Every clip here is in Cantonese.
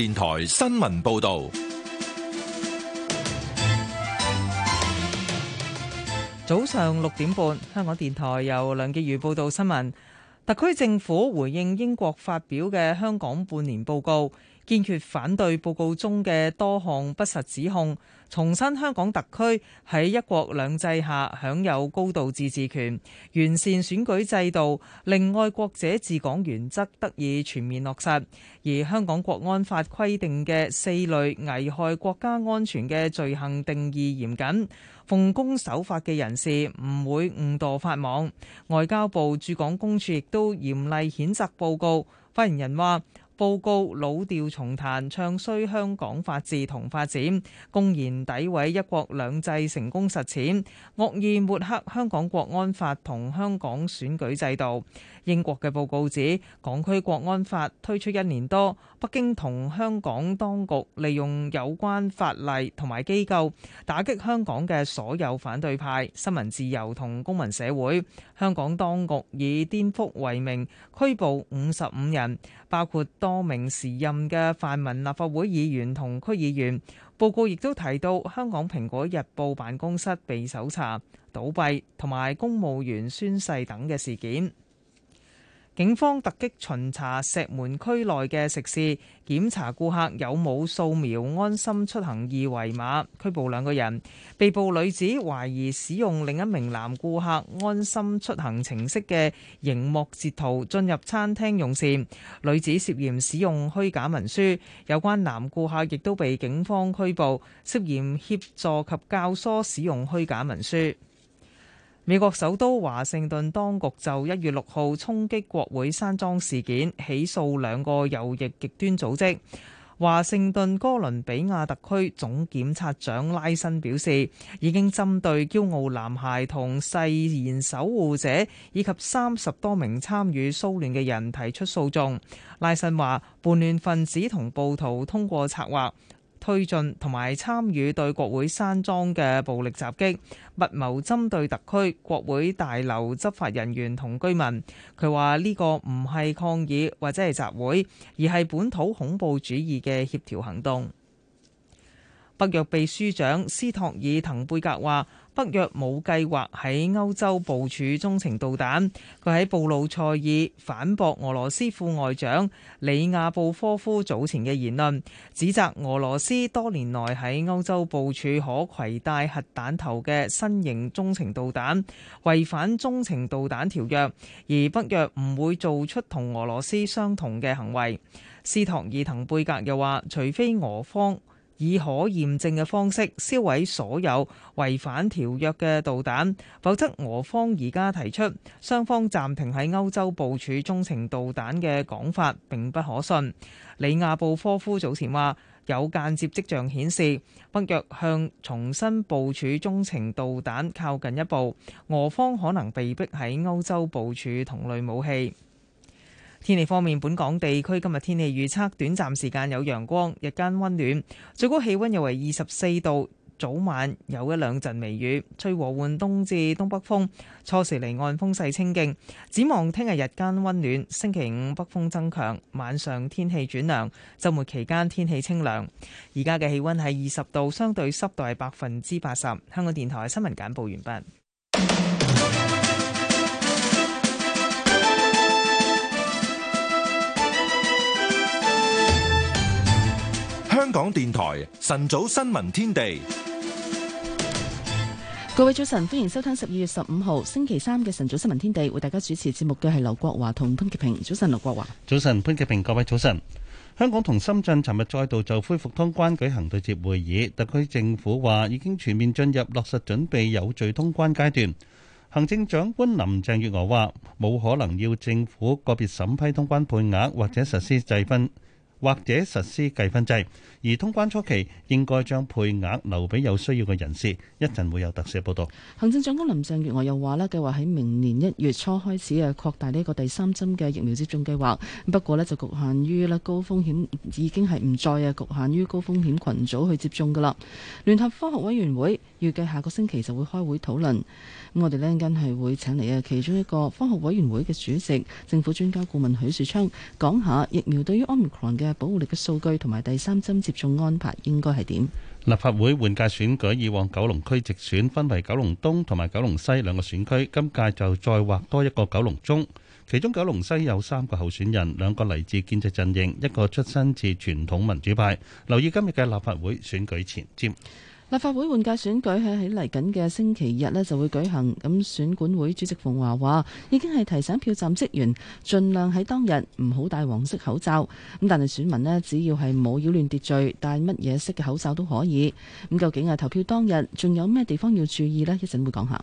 電台新聞報道，早上六點半，香港電台由梁潔儀報道新聞。特區政府回應英國發表嘅香港半年報告，堅決反對報告中嘅多項不實指控，重申香港特區喺一國兩制下享有高度自治權，完善選舉制度，令愛國者治港原則得以全面落實。而香港國安法規定嘅四類危害國家安全嘅罪行定義嚴謹，奉公守法嘅人士唔會誤墮法網。外交部駐港公署亦都嚴厲譴責報告，發言人話：報告老調重彈，唱衰香港法治同發展，公然詆毀一國兩制成功實踐，惡意抹黑香港國安法同香港選舉制度。英國嘅報告指，港區國安法推出一年多，北京同香港當局利用有關法例同埋機構，打擊香港嘅所有反對派、新聞自由同公民社會。香港當局以顛覆為名，拘捕五十五人。包括多名時任嘅泛民立法會議員同區議員。報告亦都提到香港《蘋果日報》辦公室被搜查、倒閉同埋公務員宣誓等嘅事件。警方突擊巡查石門區內嘅食肆，檢查顧客有冇掃描安心出行二維碼，拘捕兩個人。被捕女子懷疑使用另一名男顧客安心出行程式嘅螢幕截圖進入餐廳用膳，女子涉嫌使用虛假文書。有關男顧客亦都被警方拘捕，涉嫌協助及教唆使用虛假文書。美國首都華盛頓當局就一月六號衝擊國會山莊事件起訴兩個右翼極端組織。華盛頓哥倫比亞特區總檢察長拉申表示，已經針對《驕傲男孩》同《誓言守護者》以及三十多名參與騷亂嘅人提出訴訟。拉申話：叛亂分子同暴徒通過策劃，推進同埋參與對國會山莊嘅暴力襲擊，密謀針對特區國會大樓執法人員同居民。佢話呢個唔係抗議或者係集會，而係本土恐怖主義嘅協調行動。北約秘書長斯托爾滕貝格話：北約冇計劃喺歐洲部署中程導彈。佢喺布魯塞爾反駁俄羅斯副外長里亞布科夫早前嘅言論，指責俄羅斯多年來喺歐洲部署可攜帶核彈頭嘅新型中程導彈，違反中程導彈條約，而北約唔會做出同俄羅斯相同嘅行為。斯托爾滕貝格又話：除非俄方以可驗證嘅方式銷毀所有違反條約嘅導彈，否則俄方而家提出雙方暫停喺歐洲部署中程導彈嘅講法並不可信。里亞布科夫早前話，有間接跡象顯示北約向重新部署中程導彈靠近一步，俄方可能被迫喺歐洲部署同類武器。天氣方面，本港地區今日天氣預測短暫時間有陽光，日間温暖，最高氣温又為二十四度。早晚有一兩陣微雨，吹和緩東至東北風。初時離岸風勢清勁。展望聽日日間温暖，星期五北風增強，晚上天氣轉涼。周末期間天氣清涼。而家嘅氣温係二十度，相對濕度係百分之八十。香港電台新聞簡報完畢。香港電台晨早新聞天地，各位早晨，歡迎收聽十二月十五號星期三嘅晨早新聞天地，為大家主持節目嘅係劉國華同潘潔平。早晨，劉國華，早晨，潘潔平，各位早晨。香港同深圳尋日再度就恢復通關舉行對接會議，特區政府話已經全面進入落實準備有序通關階段。行政長官林鄭月娥話：冇可能要政府個別審批通關配額或者實施制分，或者實施計分制，而通關初期應該將配額留俾有需要嘅人士。一陣會有特寫報道。行政長官林鄭月娥又話啦，計劃喺明年一月初開始啊，擴大呢一個第三針嘅疫苗接種計劃。不過呢就局限於咧高風險已經係唔再啊局限於高風險群組去接種噶啦。聯合科學委員會預計下個星期就會開會討論。咁我哋呢跟係會請嚟嘅其中一個科學委員會嘅主席、政府專家顧問許樹昌講下疫苗對於 Omicron 嘅保護力嘅數據，同埋第三針接種安排應該係點？立法會換屆選舉以往九龍區直選分為九龍東同埋九龍西兩個選區，今屆就再劃多一個九龍中。其中九龍西有三個候選人，兩個嚟自建制陣營，一個出身自傳統民主派。留意今日嘅立法會選舉前瞻。立法會換屆選舉喺喺嚟緊嘅星期日咧就會舉行，咁選管會主席馮驊話已經係提醒票站職員盡量喺當日唔好戴黃色口罩，咁但係選民咧只要係冇擾亂秩序，戴乜嘢色嘅口罩都可以。咁究竟啊投票當日仲有咩地方要注意呢？一陣會講下。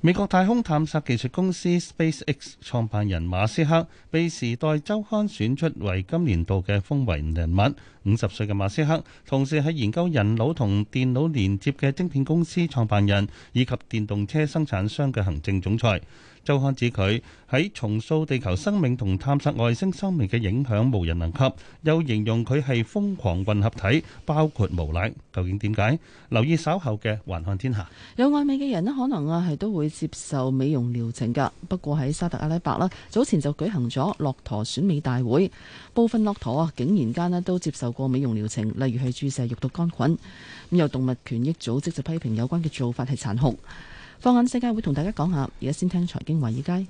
美國太空探索技術公司 SpaceX 創辦人馬斯克被《時代週刊》選出為今年度嘅風雲人物。五十歲嘅馬斯克，同時係研究人腦同電腦連接嘅晶片公司創辦人，以及電動車生產商嘅行政總裁。周刊指佢喺重塑地球生命同探索外星生命嘅影響，無人能及。又形容佢係瘋狂混合體，包括無賴。究竟點解？留意稍後嘅《環看天下》。有愛美嘅人咧，可能啊係都會接受美容療程㗎。不過喺沙特阿拉伯啦，早前就舉行咗駱駝選美大會，部分駱駝啊，竟然間咧都接受過美容療程，例如係注射肉毒杆菌。咁有動物權益組織就批評有關嘅做法係殘酷。放眼世界，會同大家講下。而家先聽財經華爾街。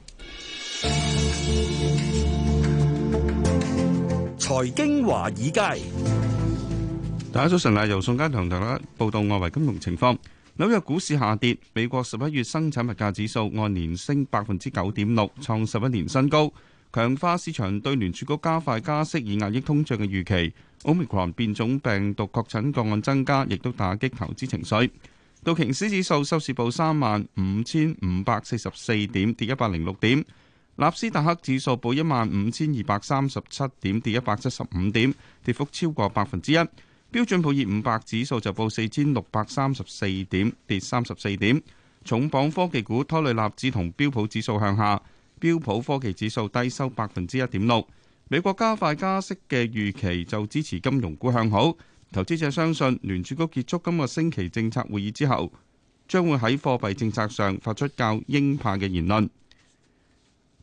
財經華爾街，大家早晨啊！由宋嘉良同大家報道外圍金融情況。紐約股市下跌，美國十一月生產物價指數按年升百分之九點六，創十一年新高。強化市場對聯儲局加快加息以壓抑通脹嘅預期。Omicron 變種病毒確診個案增加，亦都打擊投資情緒。道瓊斯指數收市報三萬五千五百四十四點，跌一百零六點。納斯達克指數報一萬五千二百三十七點，跌一百七十五點，跌幅超過百分之一。標準普爾五百指數就報四千六百三十四點，跌三十四點。重磅科技股拖累納指同標普指數向下。標普科技指數低收百分之一點六。美國加快加息嘅預期就支持金融股向好。投資者相信聯儲局結束今個星期政策會議之後，將會喺貨幣政策上發出較鷹派嘅言論。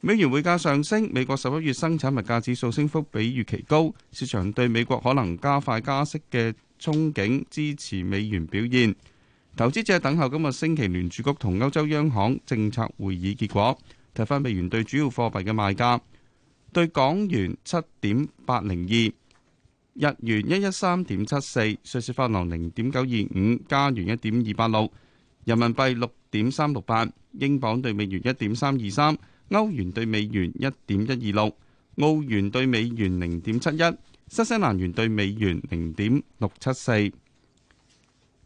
美元匯價上升。美國十一月生產物價指數升幅比預期高，市場對美國可能加快加息嘅憧憬支持美元表現。投資者等候今日星期聯儲局同歐洲央行政策會議結果。睇返美元兌主要貨幣嘅賣價，兌港元七點八零二，日元一一三點七四，瑞士法郎零點九二五，加元一點二八六，人民幣六點三六八，英鎊兌美元一點三二三，歐元兌美元一點一二六，澳元兌美元零點七一，新西蘭元兌美元零點六七四。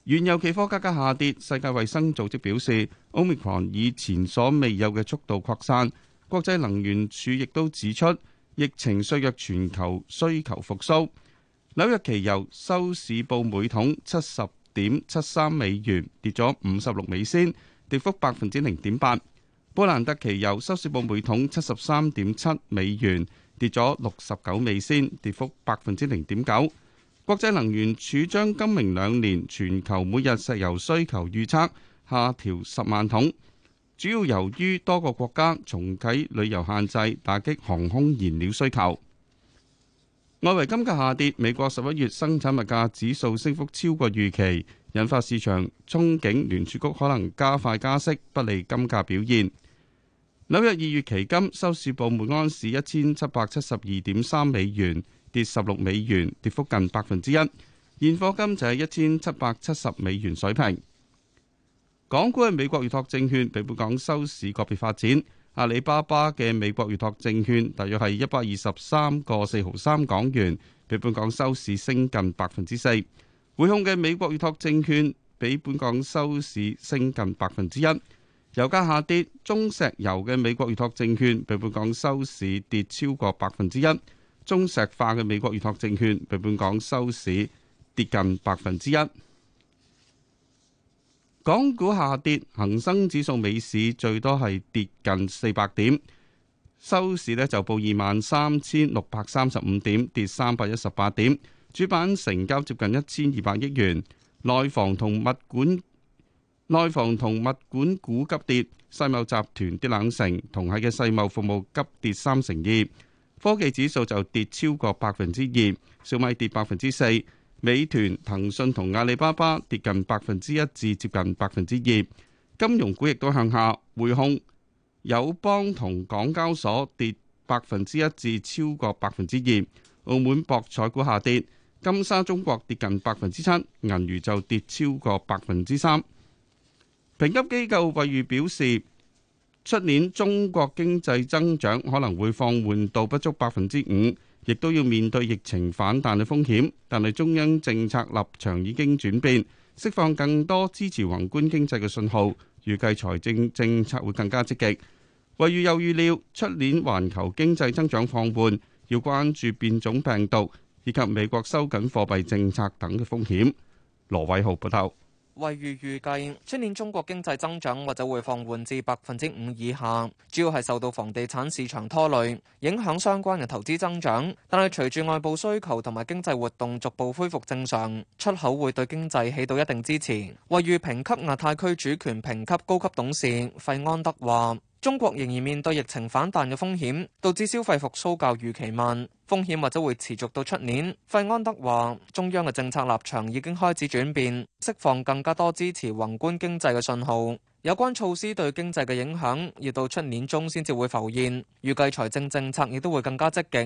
原油期貨價格下跌，世界衛生組織表示 Omicron 以前所未有嘅速度擴散。國際能源署亦都指出，疫情削弱全球需求復甦。紐約期油收市報每桶七十點七三美元，跌咗五十六美仙，跌幅百分之零點八。布蘭特期油收市報每桶七十三點七美元，跌咗六十九美仙，跌幅百分之零點九。國際能源署將今明兩年全球每日石油需求預測下調十萬桶，主要由於多個國家重啟旅遊限制，打擊航空燃料需求。外圍金價下跌，美國十一月生產物價指數升幅超過預期，引發市場憧憬聯儲局可能加快加息，不利金價表現。紐約二月期金收市報每安士一千七百七十二點三美元。跌十六美元，跌幅近百分之一。現貨金就係一千七百七十美元水平。港股嘅美國預託證券，比本港收市個別發展。阿里巴巴嘅美國預託證券，大約係一百二十三個四毫三港元，比本港收市升近百分之四。匯控嘅美國預託證券，比本港收市升近百分之一。油價下跌，中石油嘅美國預託證券，比本港收市跌超過百分之一。中石化嘅美國預託證券，被本港收市跌近百分之一，港股下跌，恒生指數尾市最多係跌近四百點，收市呢就報二萬三千六百三十五點，跌三百一十八點，主板成交接近一千二百億元。內房同物管，內房同物管股急跌，世茂集團跌兩成，同係嘅世茂服務急跌三成二。科技指數就跌超過百分之二，小米跌百分之四，美團、騰訊同阿里巴巴跌近百分之一至接近百分之二。金融股亦都向下，匯控、友邦同港交所跌百分之一至超過百分之二。澳門博彩股下跌，金沙中國跌近百分之七，銀娛就跌超過百分之三。評級機構惠譽表示，出年中國經濟增長可能會放緩到不足百分之五，亦都要面對疫情反彈嘅風險，但係中央政策立場已經轉變，釋放更多支持宏觀經濟嘅信號，預計財政政策會更加積極。惠譽又預料出年環球經濟增長放緩，要關注變種病毒以及美國收緊貨幣政策等嘅風險，羅偉浩報道。惠譽預計，出年中國經濟增長或者會放緩至百分之五以下，主要係受到房地產市場拖累，影響相關嘅投資增長。但係隨住外部需求同埋經濟活動逐步恢復正常，出口會對經濟起到一定支持。惠譽評級亞太區主權評級高級董事費安德話。中國仍然面對疫情反彈嘅風險，導致消費復甦較預期慢，風險或者會持續到出年。費安德話，中央嘅政策立場已經開始轉變，釋放更加多支持宏觀經濟嘅信號。有關措施對經濟嘅影響，要到出年中先至會浮現。預計財政政策亦都會更加積極。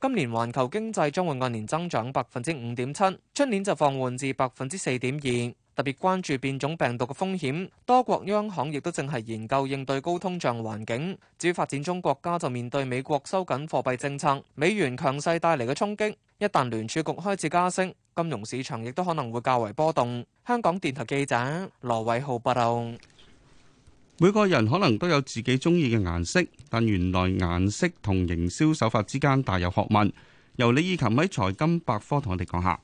今年環球經濟將會按年增長百分之五點七，出年就放緩至百分之四點二。特別關注變種病毒嘅風險，多國央行亦都正係研究應對高通脹環境。至於發展中國家就面對美國收緊貨幣政策，美元強勢帶嚟嘅衝擊。一旦聯儲局開始加息，金融市場亦都可能會較為波動。香港電台記者羅偉浩報道。每個人可能都有自己中意嘅顏色，但原來顏色同營銷手法之間大有學問。由李以琴喺財金百科同我哋講下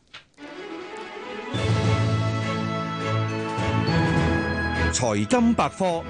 財金百科。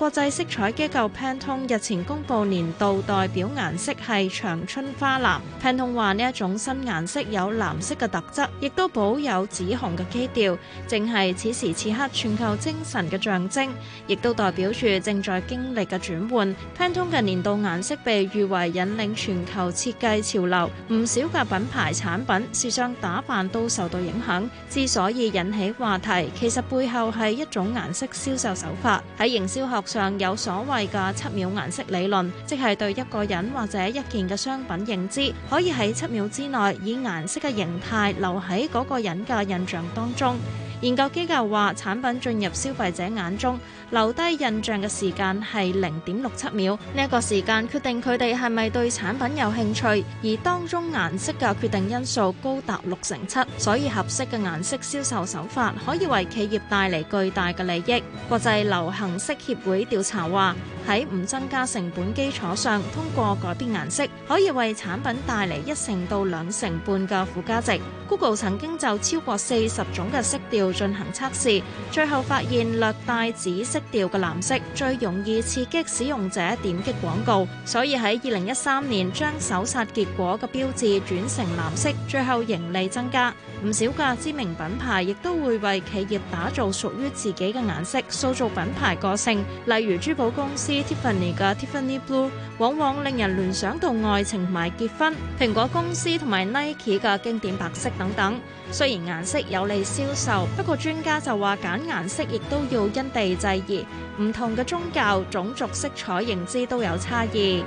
國際色彩機構 Pantone 日前公布年度代表顏色係長春花藍。Pantone 話呢一種新顏色有藍色嘅特質，亦都保有紫紅嘅基調，正係此時此刻全球精神嘅象徵，亦都代表住正在經歷嘅轉換。Pantone 嘅年度顏色被譽為引領全球設計潮流，唔少嘅品牌產品、時尚打扮都受到影響。之所以引起話題，其實背後係一種顏色銷售手法喺營銷學。尚有所謂嘅七秒顏色理論，即係對一個人或者一件嘅商品認知，可以喺七秒之內以顏色嘅形態留喺嗰個人嘅印象當中。研究機構話，產品進入消費者眼中，留低印象嘅時間係零點六七秒，呢一個時間決定佢哋係咪對產品有興趣，而當中顏色嘅決定因素高達六成七，所以合適嘅顏色銷售手法可以為企業帶嚟巨大嘅利益。國際流行色協會調查話，喺唔增加成本基礎上，通過改變顏色可以為產品帶嚟一成到兩成半嘅附加值。Google 曾經就超過四十種嘅色調進行測試，最後發現略帶紫色。掉嘅藍色最容易刺激使用者點擊廣告，所以喺二零一三年將搜尋結果嘅標誌轉成藍色，最後盈利增加。唔少嘅知名品牌亦都會為企業打造屬於自己嘅顏色，塑造品牌個性。例如珠寶公司 Tiffany 嘅 Tiffany Blue，往往令人聯想到愛情同埋結婚。蘋果公司同埋 Nike 嘅經典白色等等。雖然顏色有利銷售，不過專家就話揀顏色亦都要因地制宜。唔同嘅宗教、種族色彩認知都有差異。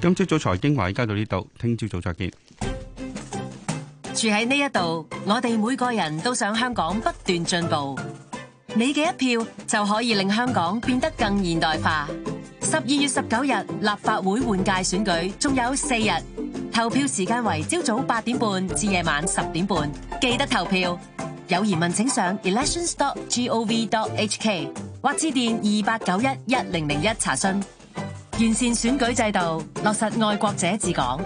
今朝早財經話依家到呢度，聽朝早再見。住喺呢一度，我哋每個人都想香港不斷進步。你嘅一票就可以令香港變得更現代化。十二月十九日立法會換屆選舉仲有四日，投票時間為朝早八點半至夜晚十點半，記得投票。有疑問請上 elections.gov.hk 或致電二八九一一零零一查詢。完善選舉制度，落實愛國者治港。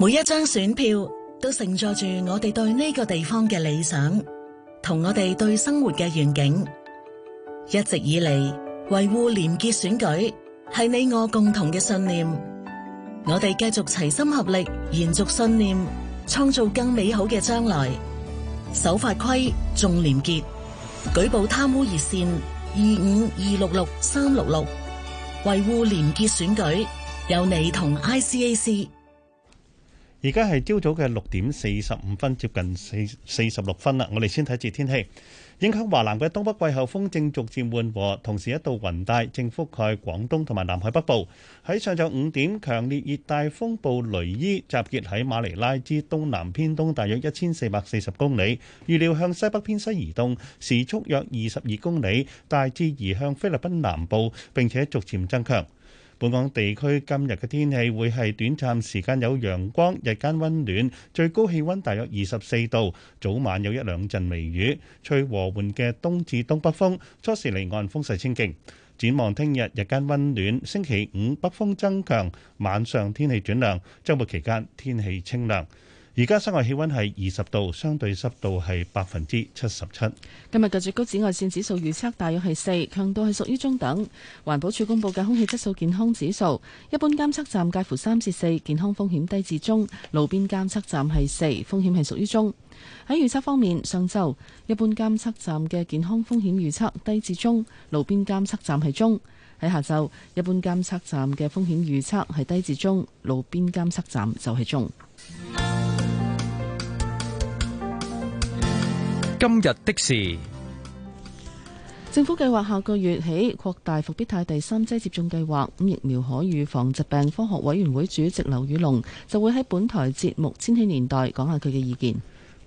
每一張選票都承載住我哋對呢個地方嘅理想，同我哋對生活嘅願景。一直以嚟，維護廉潔選舉係你我共同嘅信念。我哋繼續齊心合力，延續信念，創造更美好嘅將來。守法規，重廉潔，舉報貪污熱線二五二六六三六六，維護廉潔選舉，有你同 ICAC。而家係朝早嘅六點四十五分，接近四四十六分啦。我哋先睇住天氣，影響華南嘅東北季候風正逐漸緩和，同時一道雲帶正覆蓋廣東同埋南海北部。喺上晝五點，強烈熱帶風暴雷伊集結喺馬尼拉之東南偏東，大約一千四百四十公里，預料向西北偏西移動，時速約二十二公里，大致移向菲律賓南部，並且逐漸增強。本港地區今日嘅天氣會係短暫時間有陽光，日間溫暖，最高氣溫大約二十四度，早晚有一兩陣微雨，吹和緩嘅東至東北風，初時離岸風勢清勁。展望聽日日間溫暖，星期五北風增強，晚上天氣轉涼，周末期間天氣清涼。而家室外氣溫係二十度，相對濕度係百分之七十七。今日嘅最高紫外線指數預測大約係四，強度係屬於中等。環保署公布嘅空氣質素健康指數，一般監測站介乎三至四，健康風險低至中；路邊監測站係四，風險係屬於中。喺預測方面，上晝一般監測站嘅健康風險預測低至中，路邊監測站係中；喺下晝一般監測站嘅風險預測係低至中，路邊監測站就係中。今日的事，政府計劃下個月起擴大復必泰第三劑接種計劃。疫苗可預防疾病科學委員會主席劉宇隆就會喺本台節目《千禧年代》講下佢嘅意見。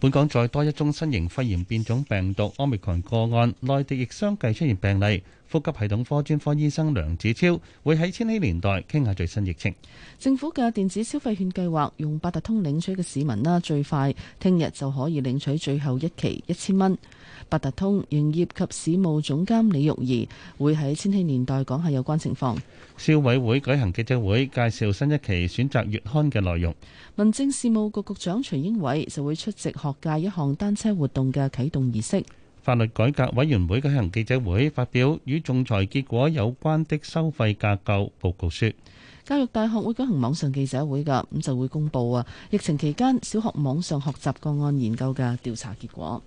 本港再多一宗新型肺炎變種病毒 Omicron 個案，內地亦相繼出現病例。呼吸系統科專科醫生梁子超會喺千禧年代傾下最新疫情。政府嘅電子消費券計劃用八達通領取嘅市民啦，最快聽日就可以領取最後一期一千蚊。八達通營業及市務總監李玉儀會喺千禧年代講下有關情況。消委會舉行記者會，介紹新一期選擇月刊嘅內容。民政事務局局長徐英偉就會出席學界一項單車活動嘅啟動儀式。法律改革委員會嘅舉行記者會，發表與仲裁結果有關的收費架構報告書。教育大學會舉行網上記者會，噶咁就會公布啊，疫情期間小學網上學習個案研究嘅調查結果。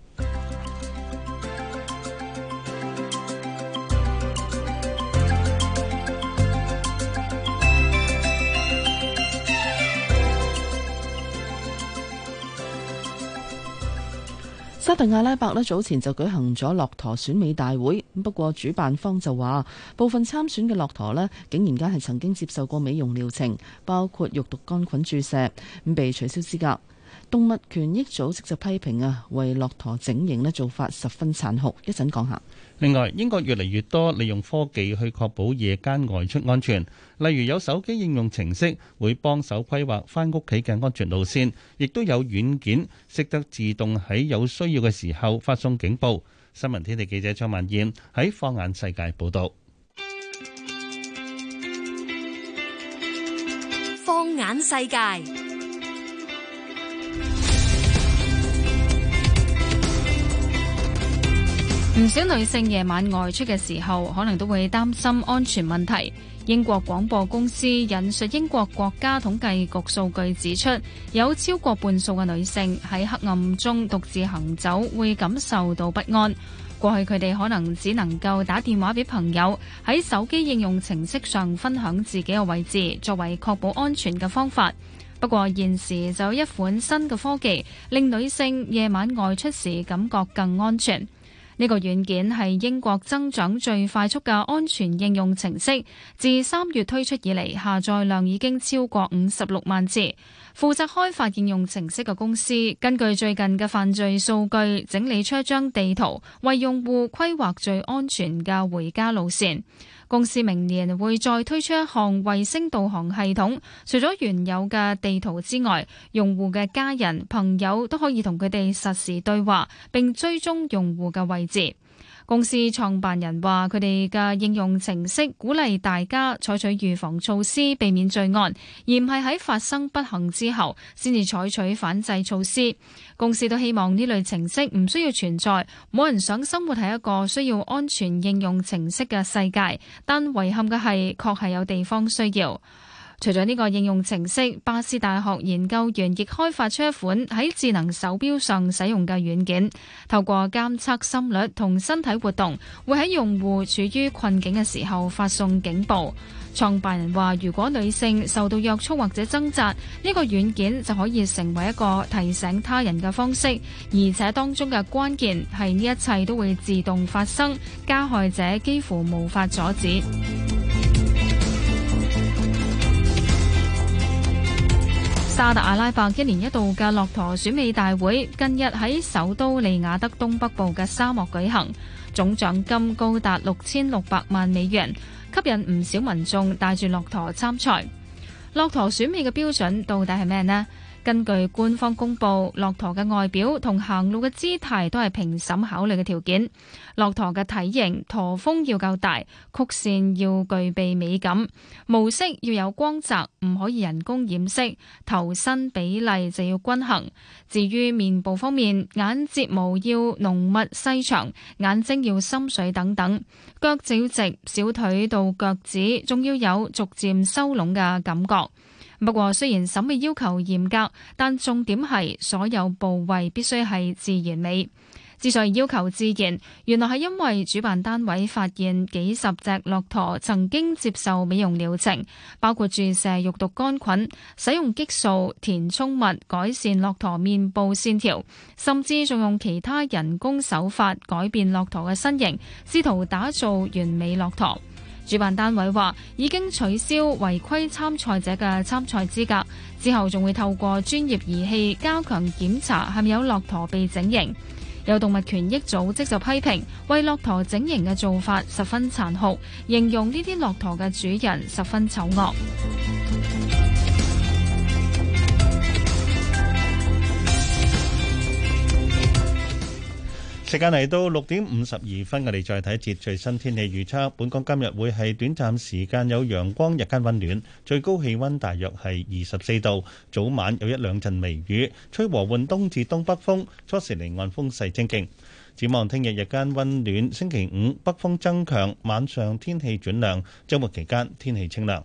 沙特阿拉伯呢早前就舉行咗駱駝選美大會，不過主辦方就話，部分參選嘅駱駝呢，竟然間係曾經接受過美容療程，包括肉毒桿菌注射，被取消資格。動物權益組織就批評啊，為駱駝整形呢做法十分殘酷，一陣講下。另外，英國越嚟越多利用科技去確保夜間外出安全。例如，有手機應用程式會幫手規劃翻屋企嘅安全路線，亦都有軟件識得自動喺有需要嘅時候發送警報。新聞天地記者張萬燕喺《放眼世界》報道。放眼世界。唔少女性夜晚外出嘅時候，可能都會擔心安全問題。英國廣播公司引述英國國家統計局數據指出，有超過半數嘅女性喺黑暗中獨自行走會感受到不安。過去佢哋可能只能夠打電話俾朋友，喺手機應用程式上分享自己嘅位置，作為確保安全嘅方法。不過，現時就有一款新嘅科技，令女性夜晚外出時感覺更安全。呢個軟件係英國增長最快速嘅安全應用程式，自三月推出以嚟，下載量已經超過五十六萬次。負責開發應用程式嘅公司，根據最近嘅犯罪數據整理出一張地圖，為用戶規劃最安全嘅回家路線。公司明年會再推出一項衛星導航系統，除咗原有嘅地圖之外，用戶嘅家人、朋友都可以同佢哋實時對話，並追蹤用戶嘅位置。公司創辦人話：佢哋嘅應用程式鼓勵大家採取預防措施，避免罪案，而唔係喺發生不幸之後先至採取反制措施。公司都希望呢類程式唔需要存在，冇人想生活喺一個需要安全應用程式嘅世界。但遺憾嘅係，確係有地方需要。除咗呢個應用程式，巴斯大學研究員亦開發出一款喺智能手錶上使用嘅軟件，透過監測心率同身體活動，會喺用戶處於困境嘅時候發送警報。創辦人話：如果女性受到約束或者掙扎，呢個軟件就可以成為一個提醒他人嘅方式，而且當中嘅關鍵係呢一切都會自動發生，加害者幾乎無法阻止。沙特阿拉伯一年一度嘅駱駝選美大會，近日喺首都利雅德東北部嘅沙漠舉行，總獎金高達六千六百萬美元，吸引唔少民眾帶住駱駝參賽。駱駝選美嘅標準到底係咩呢？根據官方公布，駱駝嘅外表同行路嘅姿態都係評審考慮嘅條件。駱駝嘅體型，駝峯要夠大，曲線要具備美感，毛色要有光澤，唔可以人工染色，頭身比例就要均衡。至於面部方面，眼睫毛要濃密細長，眼睛要深邃等等。腳要直，小腿到腳趾仲要有逐漸收攏嘅感覺。不過，雖然審美要求嚴格，但重點係所有部位必須係自然美。之所以要求自然，原來係因為主辦單位發現幾十隻駱駝曾經接受美容療程，包括注射肉毒桿菌、使用激素、填充物改善駱駝面部線條，甚至仲用其他人工手法改變駱駝嘅身形，試圖打造完美駱駝。主辦單位話已經取消違規參賽者嘅參賽資格，之後仲會透過專業儀器加強檢查，係咪有駱駝被整形。有動物權益組織就批評，為駱駝整形嘅做法十分殘酷，形容呢啲駱駝嘅主人十分醜惡。時間嚟到六點五十二分，我哋再睇一節最新天氣預測。本港今日會係短暫時間有陽光，日間温暖，最高氣温大約係二十四度。早晚有一兩陣微雨，吹和緩東至東北風，初時離岸風勢清勁。展望聽日日間温暖，星期五北風增強，晚上天氣轉涼。周末期間天氣清涼。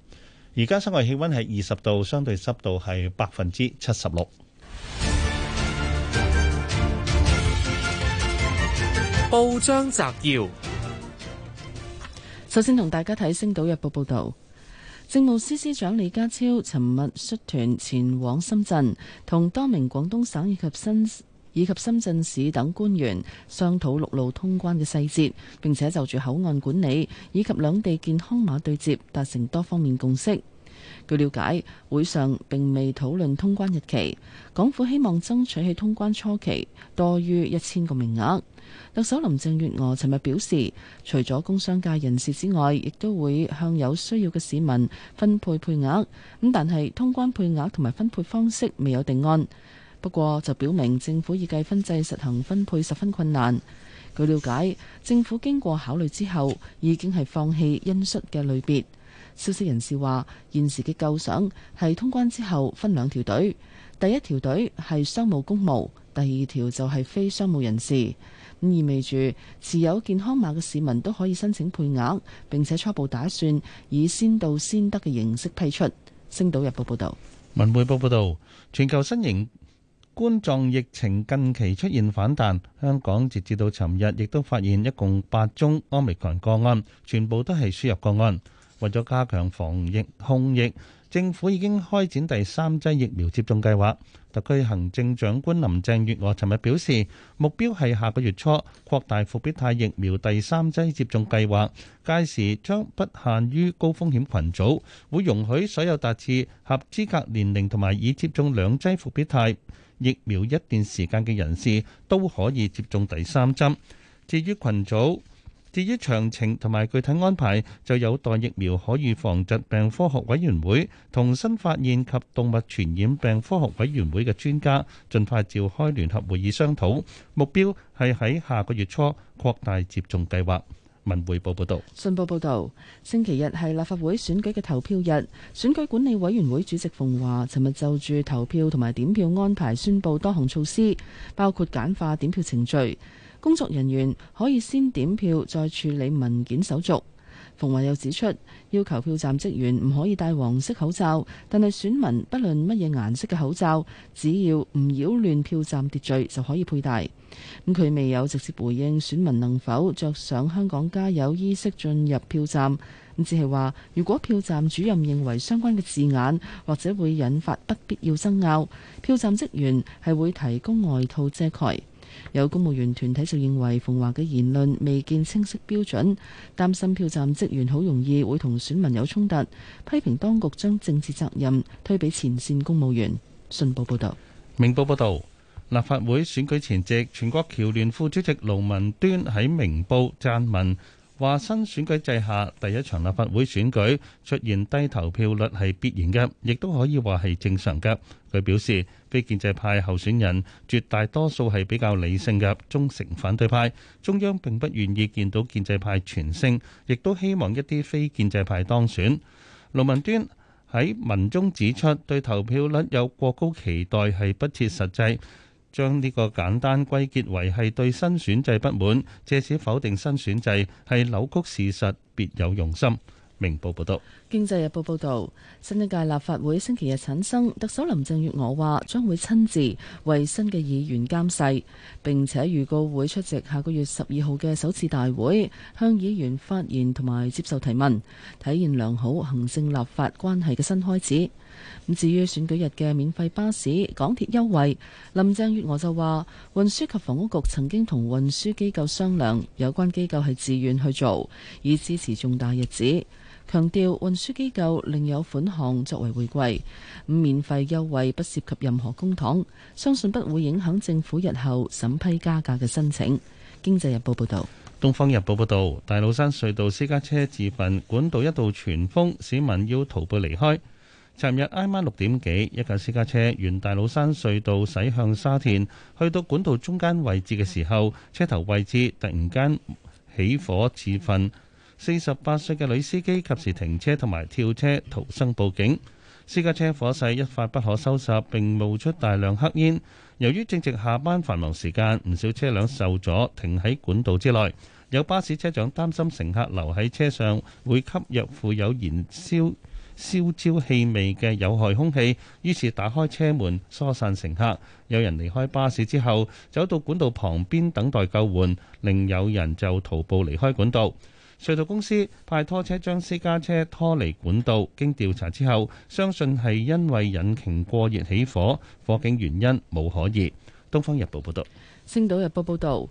而家室外氣温係二十度，相對濕度係百分之七十六。報章摘要：首先同大家睇《星島日報》報道，政務司司長李家超尋日率團前往深圳，同多名廣東省以及深以及深圳市等官員商討陸路通關嘅細節，並且就住口岸管理以及兩地健康碼對接達成多方面共識。據了解，會上並未討論通關日期。港府希望爭取喺通關初期多於一千個名額。特首林鄭月娥尋日表示，除咗工商界人士之外，亦都會向有需要嘅市民分配配額。咁但係通關配額同埋分配方式未有定案。不過就表明政府以計分制實行分配十分困難。據了解，政府經過考慮之後，已經係放棄因失嘅類別。消息人士話：現時嘅構想係通關之後分兩條隊，第一條隊係商務公務，第二條就係非商務人士。咁意味住持有健康碼嘅市民都可以申請配額，並且初步打算以先到先得嘅形式批出。《星島日報,報》報道。文匯報》報道，全球新型冠狀疫情近期出現反彈，香港截至到尋日亦都發現一共八宗歐美羣個案，全部都係輸入個案。為咗加強防疫控疫，政府已經開展第三劑疫苗接種計劃。特區行政長官林鄭月娥尋日表示，目標係下個月初擴大復必泰疫苗第三劑接種計劃，屆時將不限於高風險群組，會容許所有達至合資格年齡同埋已接種兩劑復必泰疫苗一段時間嘅人士都可以接種第三針。至於群組，至於詳情同埋具體安排，就有待疫苗可預防疾病科學委員會同新發現及動物傳染病科學委員會嘅專家盡快召開聯合會議商討，目標係喺下個月初擴大接種計劃。文匯報報道：「信報報道，星期日係立法會選舉嘅投票日，選舉管理委員會主席馮驊尋日就住投票同埋點票安排宣佈多項措施，包括簡化點票程序。工作人員可以先點票，再處理文件手續。馮華又指出，要求票站職員唔可以戴黃色口罩，但係選民不論乜嘢顏色嘅口罩，只要唔擾亂票站秩序就可以佩戴。咁佢未有直接回應選民能否着上香港加油衣飾進入票站。咁只係話，如果票站主任認為相關嘅字眼或者會引發不必要爭拗，票站職員係會提供外套遮蓋。有公務員團體就認為馮驊嘅言論未見清晰標準，擔心票站職員好容易會同選民有衝突，批評當局將政治責任推俾前線公務員。信報報道。明報報道：立法會選舉前夕，全國僑聯副主席盧文端喺明報撰文。話新選舉制下第一場立法會選舉出現低投票率係必然嘅，亦都可以話係正常嘅。佢表示，非建制派候選人絕大多數係比較理性嘅忠誠反對派，中央並不願意見到建制派全勝，亦都希望一啲非建制派當選。盧文端喺文中指出，對投票率有過高期待係不切實際。將呢個簡單歸結為係對新選制不滿，借此否定新選制係扭曲事實，別有用心。明報報導，《經濟日報》報導，新一屆立法會星期日產生，特首林鄭月娥話將會親自為新嘅議員監誓，並且預告會出席下個月十二號嘅首次大會，向議員發言同埋接受提問，體現良好行政立法關係嘅新開始。咁至於選舉日嘅免費巴士、港鐵優惠，林鄭月娥就話：運輸及房屋局曾經同運輸機構商量，有關機構係自願去做，以支持重大日子。強調運輸機構另有款項作為回饋。免費優惠不涉及任何公帑，相信不會影響政府日後審批加價嘅申請。經濟日報報道：東方日報報道，大老山隧道私家車自焚，管道一度全封，市民要徒步離開。尋日挨晚六點幾，一架私家車沿大老山隧道駛向沙田，去到管道中間位置嘅時候，車頭位置突然間起火自焚。四十八歲嘅女司機及時停車同埋跳車逃生報警。私家車火勢一發不可收拾，並冒出大量黑煙。由於正值下班繁忙時間，唔少車輛受阻停喺管道之內。有巴士車長擔心乘客留喺車上會吸入富有燃燒燒焦氣味嘅有害空氣，於是打開車門疏散乘客。有人離開巴士之後，走到管道旁邊等待救援，另有人就徒步離開管道。隧道公司派拖車將私家車拖離管道。經調查之後，相信係因為引擎過熱起火，火警原因冇可疑。《東方日報》報道。《星島日報》報導。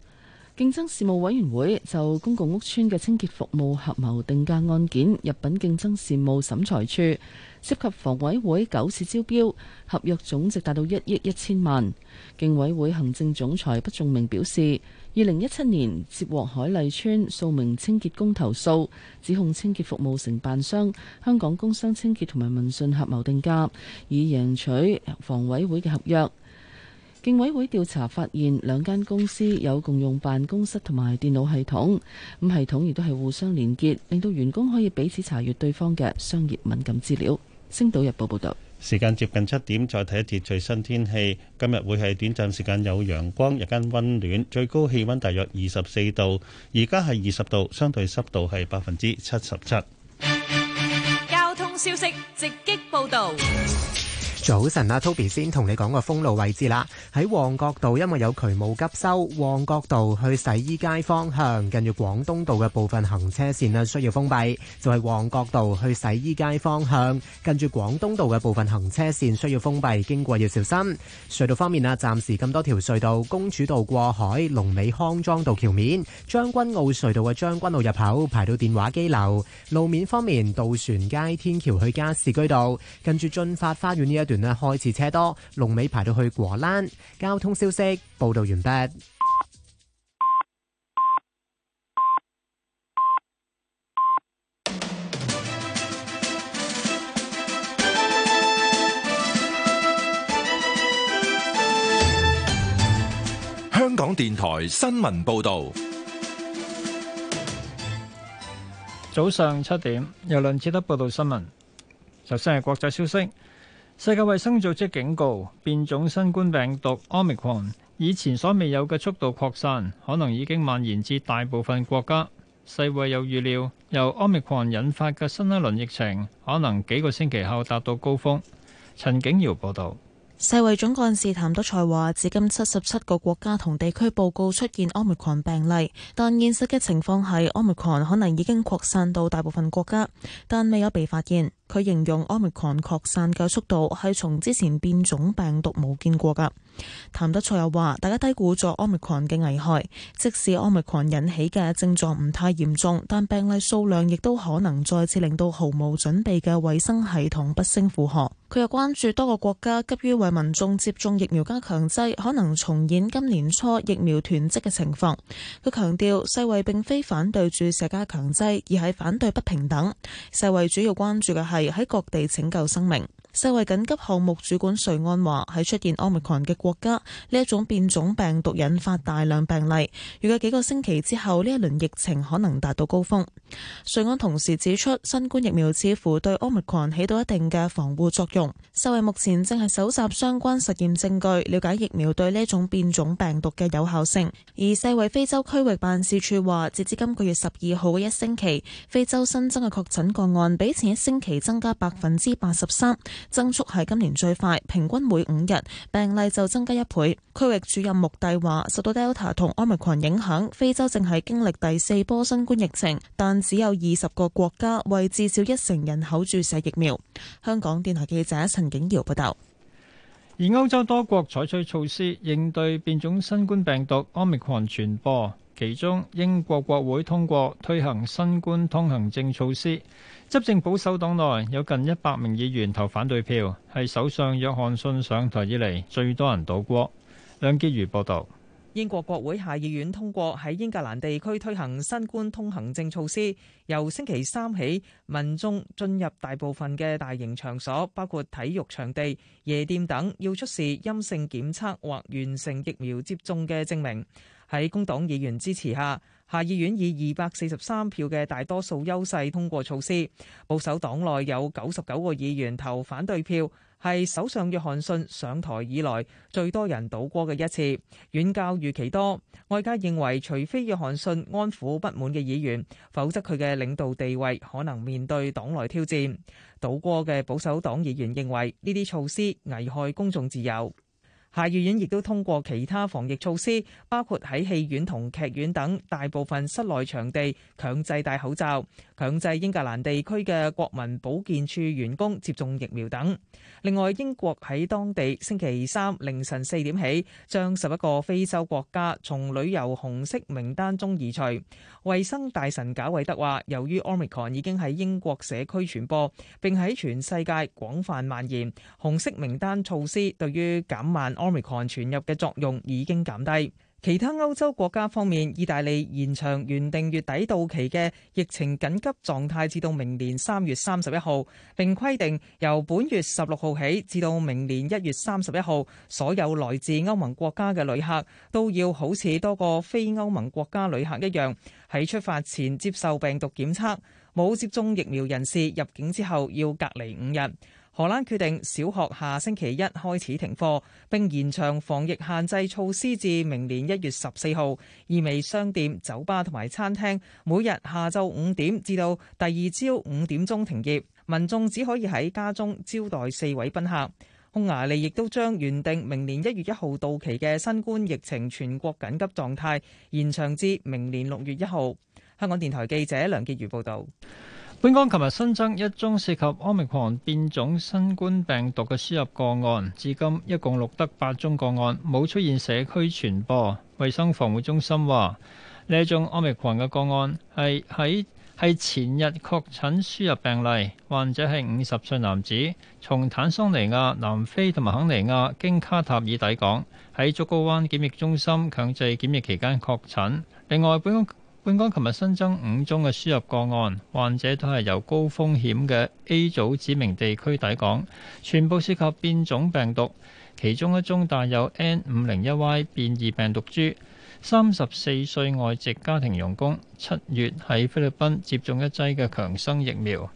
競爭事務委員會就公共屋邨嘅清潔服務合謀定價案件入稟競爭事務審裁處，涉及房委會九次招標，合約總值達到一億一千萬。競委會行政總裁畢仲明表示，二零一七年接獲海麗邨數名清潔工投訴，指控清潔服務承辦商香港工商清潔同埋民信合謀定價，以贏取房委會嘅合約。競委會調查發現，兩間公司有共用辦公室同埋電腦系統，咁系統亦都係互相連結，令到員工可以彼此查閱對方嘅商業敏感資料。星島日報報道，時間接近七點，再睇一節最新天氣。今日會係短暫時間有陽光，日間溫暖，最高氣溫大約二十四度，而家係二十度，相對濕度係百分之七十七。交通消息直擊報道。早晨啊，Toby 先同你講個封路位置啦。喺旺角道，因為有渠務急修，旺角道去洗衣街方向，近住廣東道嘅部分行車線咧需要封閉，就係、是、旺角道去洗衣街方向，近住廣東道嘅部分行車線需要封閉，經過要小心。隧道方面啊，暫時咁多條隧道，公主道過海、龍尾康莊道橋面、將軍澳隧道嘅將軍澳入口，排到電話機樓。路面方面，渡船街天橋去加士居道，近住駿發花園呢一段。開始車多，龍尾排到去果欄。交通消息報道完畢。香港電台新聞報道，早上七點由梁志德報道新聞。首先係國際消息。世界衛生組織警告，變種新冠病毒 Omicron 以前所未有嘅速度擴散，可能已經蔓延至大部分國家。世衛又預料，由 Omicron 引發嘅新一輪疫情，可能幾個星期後達到高峰。陳景堯報道。.世衛總幹事譚德塞話，至今七十七個國家同地區報告出現 Omicron 病例，但現實嘅情況係 Omicron 可能已經擴散到大部分國家，但未有被發現。佢形容 Omicron 擴散嘅速度係從之前變種病毒冇見過噶。譚德塞又話，大家低估咗奧密克戎嘅危害，即使奧密克戎引起嘅症狀唔太嚴重，但病例數量亦都可能再次令到毫無準備嘅衛生系統不勝負荷。佢又關注多個國家急於為民眾接種疫苗加強劑，可能重演今年初疫苗囤積嘅情況。佢強調，世衛並非反對注射加強劑，而係反對不平等。世衛主要關注嘅係喺各地拯救生命。世衛緊急項目主管瑞安話：喺出現 Omicron 嘅國家，呢一種變種病毒引發大量病例。預計幾個星期之後，呢一輪疫情可能達到高峰。瑞安同時指出，新冠疫苗似乎對 Omicron 起到一定嘅防護作用。世衛目前正係搜集相關實驗證據，了解疫苗對呢種變種病毒嘅有效性。而世衛非洲區域辦事處話，截至今個月十二號嘅一星期，非洲新增嘅確診個案比前一星期增加百分之八十三。增速係今年最快，平均每五日病例就增加一倍。區域主任穆蒂話：受到 Delta 同奧密克戎影響，非洲正係經歷第四波新冠疫情，但只有二十個國家為至少一成人口注射疫苗。香港電台記者陳景瑤報道。而歐洲多國採取措施應對變種新冠病毒奧密克戎傳播，其中英國國會通過推行新冠通行證措施。執政保守黨內有近一百名議員投反對票，係首相約翰遜上台以嚟最多人倒戈。梁潔如報導，英國國會下議院通過喺英格蘭地區推行新冠通行證措施，由星期三起，民眾進入大部分嘅大型場所，包括體育場地、夜店等，要出示陰性檢測或完成疫苗接種嘅證明。喺工黨議員支持下，下議院以二百四十三票嘅大多數優勢通過措施，保守黨內有九十九個議員投反對票，係首相約翰遜上台以來最多人倒過嘅一次，遠較預期多，外界認為除非約翰遜安撫不滿嘅議員，否則佢嘅領導地位可能面對黨內挑戰。倒過嘅保守黨議員認為呢啲措施危害公眾自由。下議院亦都通過其他防疫措施，包括喺戲院同劇院等大部分室內場地強制戴口罩、強制英格蘭地區嘅國民保健處員工接種疫苗等。另外，英國喺當地星期三凌晨四點起，將十一個非洲國家從旅遊紅色名單中移除。衛生大臣賈偉德話，由於奧密克戎已經喺英國社區傳播，並喺全世界廣泛蔓延，紅色名單措施對於減慢 Omicron 傳入嘅作用已經減低。其他歐洲國家方面，意大利延長原定月底到期嘅疫情緊急狀態，至到明年三月三十一號。並規定由本月十六號起，至到明年一月三十一號，所有來自歐盟國家嘅旅客都要好似多個非歐盟國家旅客一樣，喺出發前接受病毒檢測。冇接種疫苗人士入境之後要隔離五日。荷蘭決定小學下星期一開始停課，並延長防疫限制措施至明年一月十四號。意味商店、酒吧同埋餐廳每日下晝五點至到第二朝五點鐘停業，民眾只可以喺家中招待四位賓客。匈牙利亦都將原定明年一月一號到期嘅新冠疫情全國緊急狀態延長至明年六月一號。香港電台記者梁潔如報導。本港琴日新增一宗涉及奧密克戎變種新冠病毒嘅輸入個案，至今一共錄得八宗個案，冇出現社區傳播。衛生防護中心話，呢宗奧密克戎嘅個案係喺係前日確診輸入病例，患者係五十歲男子，從坦桑尼亞、南非同埋肯尼亞經卡塔爾抵港，喺竹篙灣檢疫中心強制檢疫期間確診，另外，本港本港琴日新增五宗嘅輸入個案，患者都係由高風險嘅 A 組指明地區抵港，全部涉及變種病毒，其中一宗帶有 N 五零一 Y 變異病毒株，三十四歲外籍家庭傭工，七月喺菲律賓接種一劑嘅強生疫苗。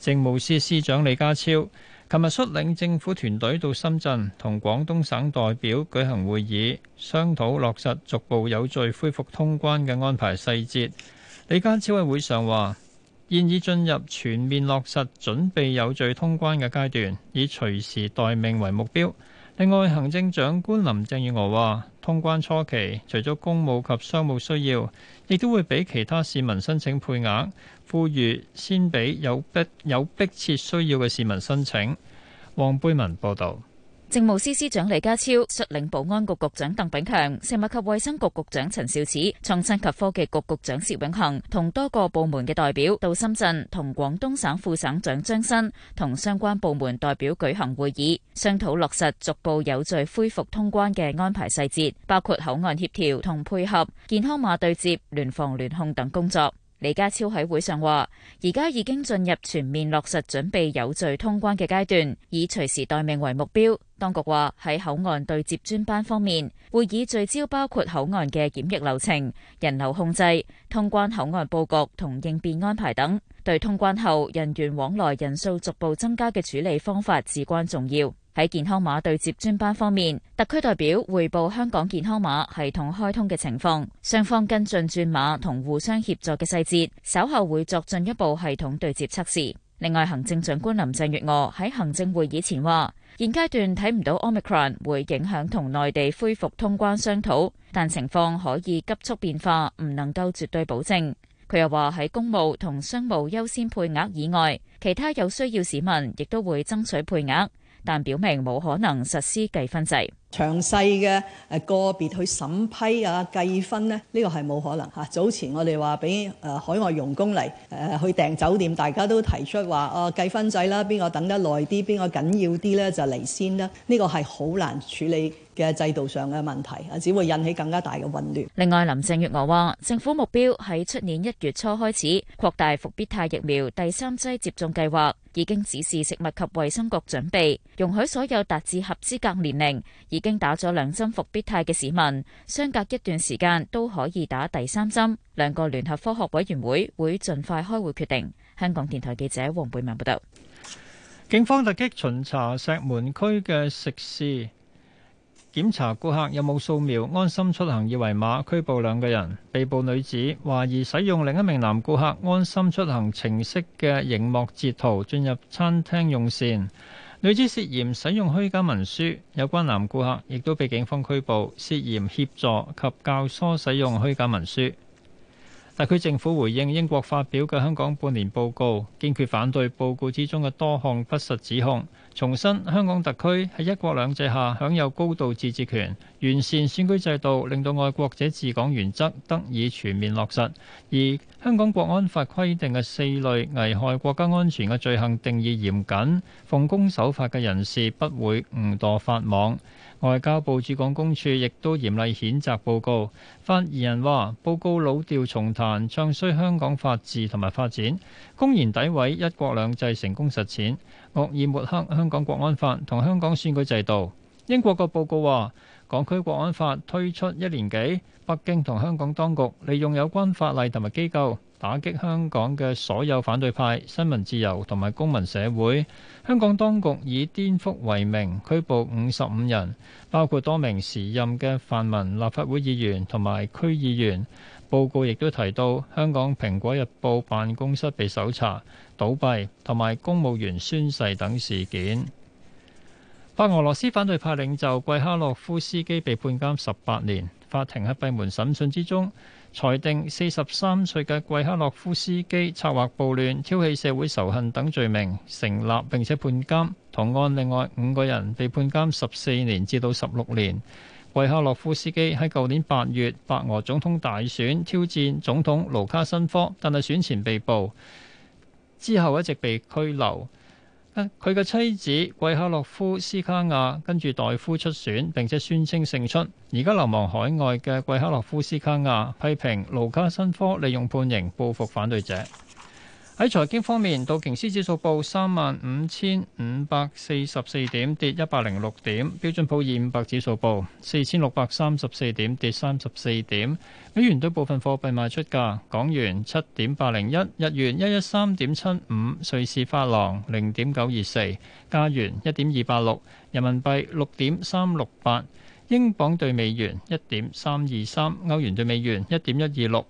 政務司司長李家超。琴日率領政府團隊到深圳同廣東省代表舉行會議，商討落實逐步有序恢復通關嘅安排細節。李家超喺會上話：現已進入全面落實準備有序通關嘅階段，以隨時待命為目標。另外，行政長官林鄭月娥話：通關初期，除咗公務及商務需要，亦都會俾其他市民申請配額。呼籲先俾有迫有迫切需要嘅市民申請。黃貝文報道。政務司司長李家超率領保安局局長鄧炳強、食物及衛生局局長陳肇始、創新及科技局局長薛永恒同多個部門嘅代表到深圳，同廣東省副省長張新，同相關部門代表舉行會議，商討落實逐步有序恢復通關嘅安排細節，包括口岸協調同配合健康碼對接、聯防聯控等工作。李家超喺會上話，而家已經進入全面落實準備有序通關嘅階段，以隨時待命為目標。當局話，喺口岸對接專班方面，會議聚焦包括口岸嘅檢疫流程、人流控制、通關口岸布局同應變安排等，對通關後人員往來人數逐步增加嘅處理方法至關重要。喺健康碼對接專班方面，特區代表匯報香港健康碼系統開通嘅情況，雙方跟進轉碼同互相協助嘅細節，稍後會作進一步系統對接測試。另外，行政長官林鄭月娥喺行政會議前話，現階段睇唔到 omicron 會影響同內地恢復通關商討，但情況可以急速變化，唔能夠絕對保證。佢又話喺公務同商務優先配額以外，其他有需要市民亦都會爭取配額。但表明冇可能實施計分制，詳細嘅誒個別去審批啊，計分呢，呢個係冇可能嚇。早前我哋話俾誒海外傭工嚟誒去訂酒店，大家都提出話哦計分制啦，邊個等得耐啲，邊個緊要啲咧就嚟先啦，呢個係好難處理。嘅制度上嘅問題，只會引起更加大嘅混亂。另外，林鄭月娥話政府目標喺出年一月初開始擴大復必泰疫苗第三劑接種計劃，已經指示食物及衛生局準備容許所有達至合資格年齡已經打咗兩針復必泰嘅市民，相隔一段時間都可以打第三針。兩個聯合科學委員會會盡快開會決定。香港電台記者黃貝文報道，警方突擊巡查石門區嘅食肆。檢查顧客有冇掃描安心出行二維碼，拘捕兩個人。被捕女子懷疑使用另一名男顧客安心出行程式嘅螢幕截圖進入餐廳用膳，女子涉嫌使用虛假文書。有關男顧客亦都被警方拘捕，涉嫌協助及教唆使用虛假文書。特區政府回應英國發表嘅香港半年報告，堅決反對報告之中嘅多項不實指控。重申香港特區喺一國兩制下享有高度自治權，完善選舉制度，令到愛國者治港原則得以全面落實。而香港國安法規定嘅四類危害國家安全嘅罪行定義嚴謹，奉公守法嘅人士不會誤墮法網。外交部駐港公署亦都嚴厲譴責報告。發言人話：報告老調重彈，唱衰香港法治同埋發展，公然詆毀一國兩制成功實踐，惡意抹黑香港國安法同香港選舉制度。英國個報告話，港區國安法推出一年幾，北京同香港當局利用有關法例同埋機構。打擊香港嘅所有反對派、新聞自由同埋公民社會，香港當局以顛覆為名拘捕五十五人，包括多名時任嘅泛民立法會議員同埋區議員。報告亦都提到香港《蘋果日報》辦公室被搜查、倒閉同埋公務員宣誓等事件。白俄羅斯反對派領袖季哈諾夫斯基被判監十八年。法庭喺閉門審訊之中裁定，四十三歲嘅季克洛夫斯基策劃暴亂、挑起社會仇恨等罪名成立，並且判監。同案另外五個人被判監十四年至到十六年。季克洛夫斯基喺舊年八月白俄總統大選挑戰總統盧卡申科，但係選前被捕，之後一直被拘留。佢嘅妻子桂克洛夫斯卡婭跟住代夫出選，並且宣稱勝出。而家流亡海外嘅桂克洛夫斯卡婭批評盧卡申科利用判刑報復反對者。喺財經方面，道瓊斯指數報三萬五千五百四十四點，跌一百零六點；標準普爾五百指數報四千六百三十四點，跌三十四點。美元兌部分貨幣賣出價：港元七點八零一，日元一一三點七五，瑞士法郎零點九二四，加元一點二八六，人民幣六點三六八，英鎊兌美元一點三二三，歐元兌美元一點一二六。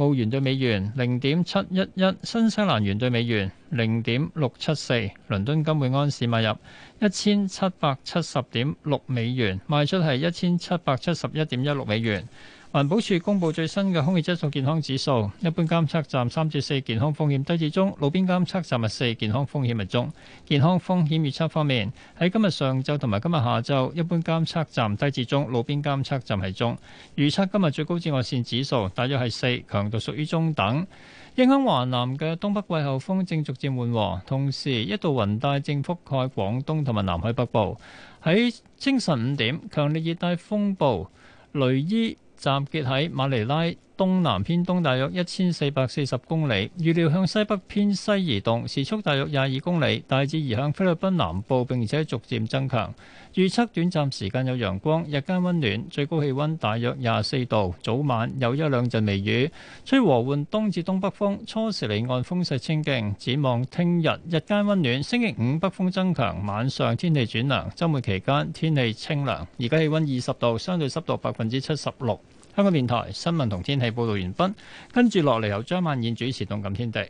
澳元兌美元零點七一一，新西蘭元兌美元零點六七四，倫敦金每安士買入一千七百七十點六美元，賣出係一千七百七十一點一六美元。環保署公布最新嘅空氣質素健康指數，一般監測站三至四健康風險低至中，路邊監測站係四健康風險係中。健康風險預測方面，喺今日上晝同埋今日下晝，一般監測站低至中，路邊監測站係中。預測今日最高紫外線指數大約係四，強度屬於中等。影響華南嘅東北季候風正逐漸緩和，同時一度雲帶正覆蓋廣東同埋南海北部。喺清晨五點，強烈熱帶風暴雷伊。集結喺馬尼拉東南偏東大約一千四百四十公里，預料向西北偏西移動，時速大約廿二公里，大致移向菲律賓南部，並且逐漸增強。預測短暫時間有陽光，日間溫暖，最高氣溫大約廿四度。早晚有一兩陣微雨，吹和緩東至東北風。初時離岸風勢清勁，展望聽日日間溫暖。星期五北風增強，晚上天氣轉涼。週末期間天氣清涼。而家氣溫二十度，相對濕度百分之七十六。香港電台新聞同天氣報道完畢，跟住落嚟由張曼燕主持《動感天地》。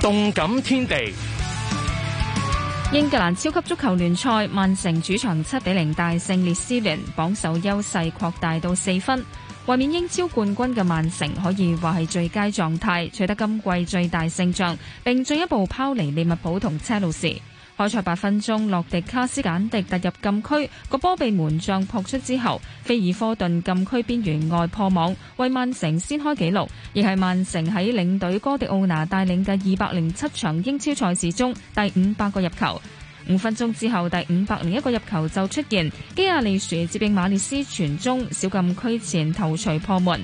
《動感天地》英格蘭超級足球聯賽，曼城主場七比零大勝列斯聯，榜首優勢擴大到四分。衛冕英超冠軍嘅曼城可以話係最佳狀態，取得今季最大勝仗，並進一步拋離利物浦同車路士。開賽八分鐘，洛迪卡斯簡迪突入禁區，個波被門將撲出之後，菲爾科頓禁區邊緣外破網，為曼城先開紀錄，亦係曼城喺領隊哥迪奧拿帶領嘅二百零七場英超賽事中第五百個入球。五分鐘之後，第五百零一個入球就出現，基亞利殊接應馬列斯傳中，小禁區前頭槌破門。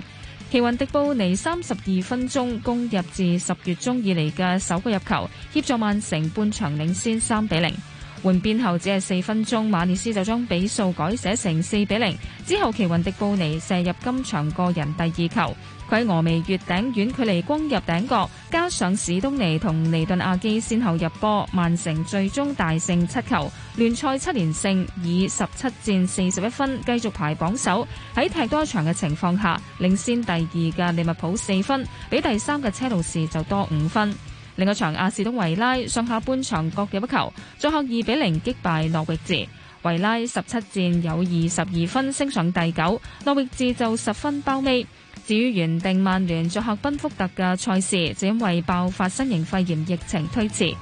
奇雲迪布尼三十二分鐘攻入至十月中以嚟嘅首個入球，協助曼城半場領先三比零。換邊後只係四分鐘，馬列斯就將比數改寫成四比零。之後奇雲迪布尼射入今場個人第二球。佢喺峨眉月頂遠距離攻入頂角，加上史東尼同尼頓亞基先後入波，曼城最終大勝七球，聯賽七連勝，以十七戰四十一分繼續排榜首。喺踢多一場嘅情況下，領先第二嘅利物浦四分，比第三嘅車路士就多五分。另一場阿士東維拉上下半場各入一球，最後二比零擊敗諾域治。維拉十七戰有二十二分，升上第九，諾域治就十分包尾。至於原定曼聯作客賓福特嘅賽事，就因為爆發新型肺炎疫情推遲。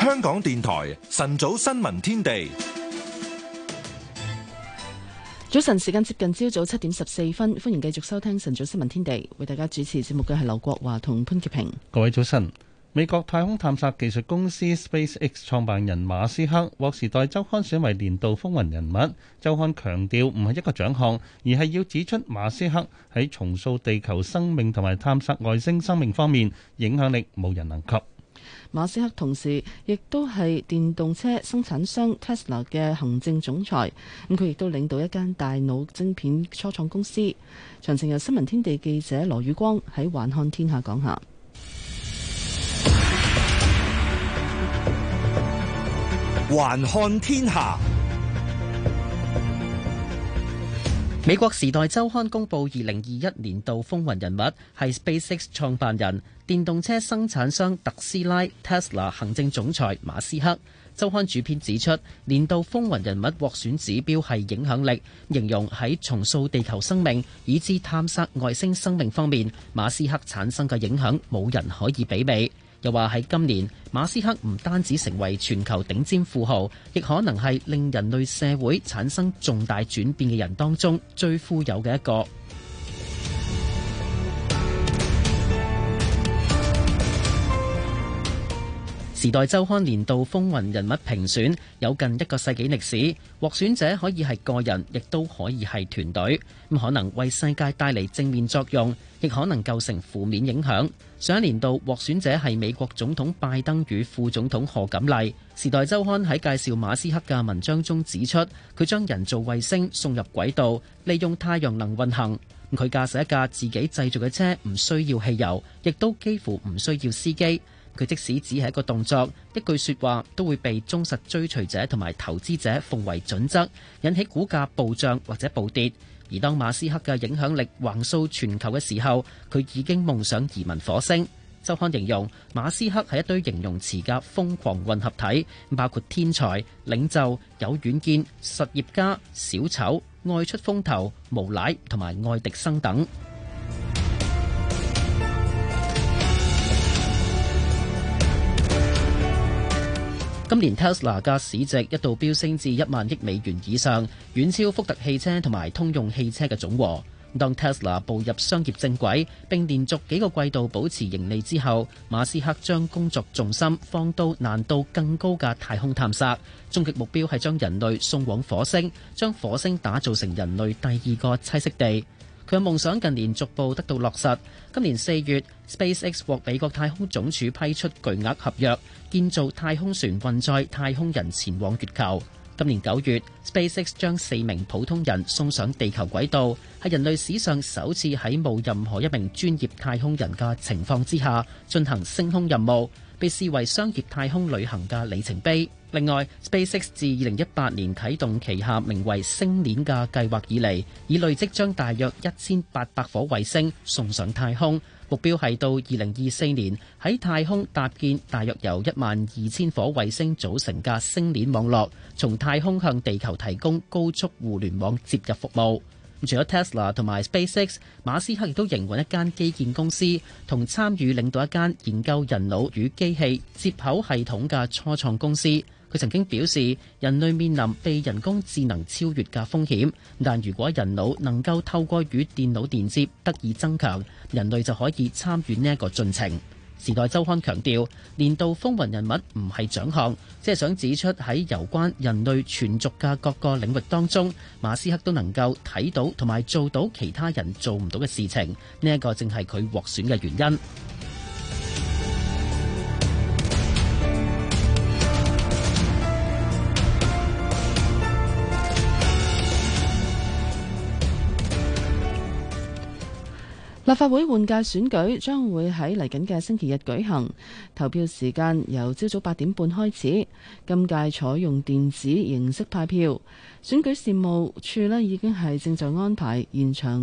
香港電台晨早新聞天地，早晨時間接近朝早七點十四分，歡迎繼續收聽晨早新聞天地，為大家主持節目嘅係劉國華同潘潔平。各位早晨。美國太空探索技術公司 SpaceX 創辦人馬斯克獲時代周刊選為年度風雲人物。周刊強調，唔係一個獎項，而係要指出馬斯克喺重塑地球生命同埋探索外星生命方面影響力冇人能及。馬斯克同時亦都係電動車生產商 Tesla 嘅行政總裁。咁佢亦都領導一間大腦晶片初創公司。詳情由新聞天地記者羅宇光喺環看天下講下。環看天下，美國時代周刊公布二零二一年度風雲人物係 SpaceX 創辦人、電動車生產商特斯拉 Tesla 行政總裁馬斯克。周刊主編指出，年度風雲人物獲選指標係影響力，形容喺重塑地球生命以至探索外星生命方面，馬斯克產生嘅影響冇人可以媲美。又話喺今年，馬斯克唔單止成為全球頂尖富豪，亦可能係令人類社會產生重大轉變嘅人當中最富有嘅一個。 時代周刊年度風雲人物評選，有近一個世紀歷史，獲選者可以係個人，亦都可以係團隊，咁可能為世界帶嚟正面作用，亦可能構成負面影響。上一年度獲選者係美國總統拜登與副總統賀錦麗。時代週刊喺介紹馬斯克嘅文章中指出，佢將人造衛星送入軌道，利用太陽能運行。佢駕駛一架自己製造嘅車，唔需要汽油，亦都幾乎唔需要司機。佢即使只係一個動作、一句説話，都會被忠實追隨者同埋投資者奉為準則，引起股價暴漲或者暴跌。而當馬斯克嘅影響力橫掃全球嘅時候，佢已經夢想移民火星。週刊形容馬斯克係一堆形容詞嘅瘋狂混合體，包括天才、領袖、有遠見、實業家、小丑、愛出風頭、無賴同埋愛迪生等。今年特斯拉嘅市值一度飆升至一萬億美元以上，遠超福特汽車同埋通用汽車嘅總和。當特斯拉步入商業正軌，並連續幾個季度保持盈利之後，馬斯克將工作重心放到難度更高嘅太空探索，終極目標係將人類送往火星，將火星打造成人類第二個棲息地。佢嘅夢想近年逐步得到落實。今年四月，SpaceX 獲美國太空總署批出巨額合約，建造太空船運載太空人前往月球。今年九月，SpaceX 將四名普通人送上地球軌道，係人類史上首次喺冇任何一名專業太空人嘅情況之下進行升空任務。被視為商業太空旅行嘅里程碑。另外，SpaceX 自二零一八年啟動旗下名為星鏈嘅計劃以嚟，已累積將大約一千八百顆衛星送上太空。目標係到二零二四年喺太空搭建大約由一萬二千顆衛星組成嘅星鏈網絡，從太空向地球提供高速互聯網接入服務。除咗 Tesla 同埋 SpaceX，馬斯克亦都營運一間基建公司，同參與領導一間研究人腦與機器接口系統嘅初創公司。佢曾經表示，人類面臨被人工智能超越嘅風險，但如果人腦能夠透過與電腦連接得以增強，人類就可以參與呢一個進程。時代周刊強調，年度風雲人物唔係獎項，即係想指出喺有關人類存續嘅各個領域當中，馬斯克都能夠睇到同埋做到其他人做唔到嘅事情，呢一個正係佢獲選嘅原因。立法會換屆選舉將會喺嚟緊嘅星期日舉行，投票時間由朝早八點半開始，今屆採用電子形式派票。選舉事務處咧已經係正在安排現場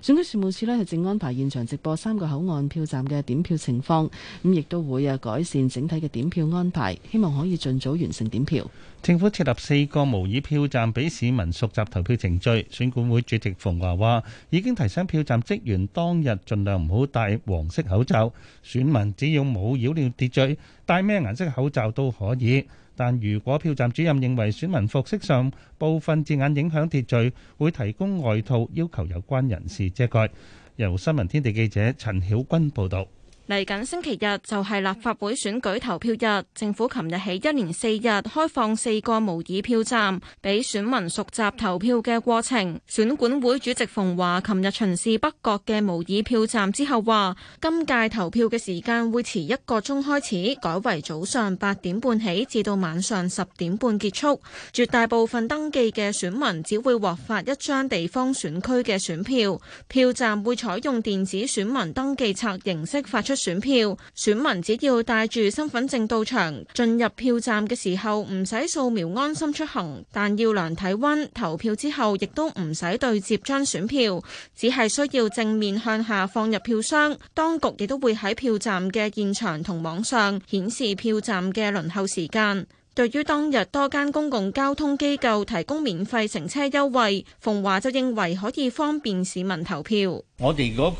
選舉事務處咧係正安排現場直播三個口岸票站嘅點票情況，咁亦都會啊改善整體嘅點票安排，希望可以盡早完成點票。政府設立四個模擬票站俾市民熟習投票程序。選管會主席馮華話：已經提醒票站職員當日盡量唔好戴黃色口罩，選民只要冇擾亂秩序，戴咩顏色口罩都可以。但如果票站主任認為選民服飾上，部分字眼影響秩序，會提供外套要求有關人士遮蓋。由新聞天地記者陳曉君報道。嚟緊星期日就係立法會選舉投票日，政府琴日起一連四日開放四個模擬票站，俾選民熟習投票嘅過程。選管會主席馮華琴日巡視北角嘅模擬票站之後話：今屆投票嘅時間會遲一個鐘開始，改為早上八點半起，至到晚上十點半結束。絕大部分登記嘅選民只會獲發一張地方選區嘅選票，票站會採用電子選民登記冊形式發出。選票，選民只要帶住身份證到場，進入票站嘅時候唔使掃描，安心出行，但要量體溫。投票之後亦都唔使對折張選票，只係需要正面向下放入票箱。當局亦都會喺票站嘅現場同網上顯示票站嘅輪候時間。對於當日多間公共交通機構提供免費乘車優惠，馮驊就認為可以方便市民投票。我哋嗰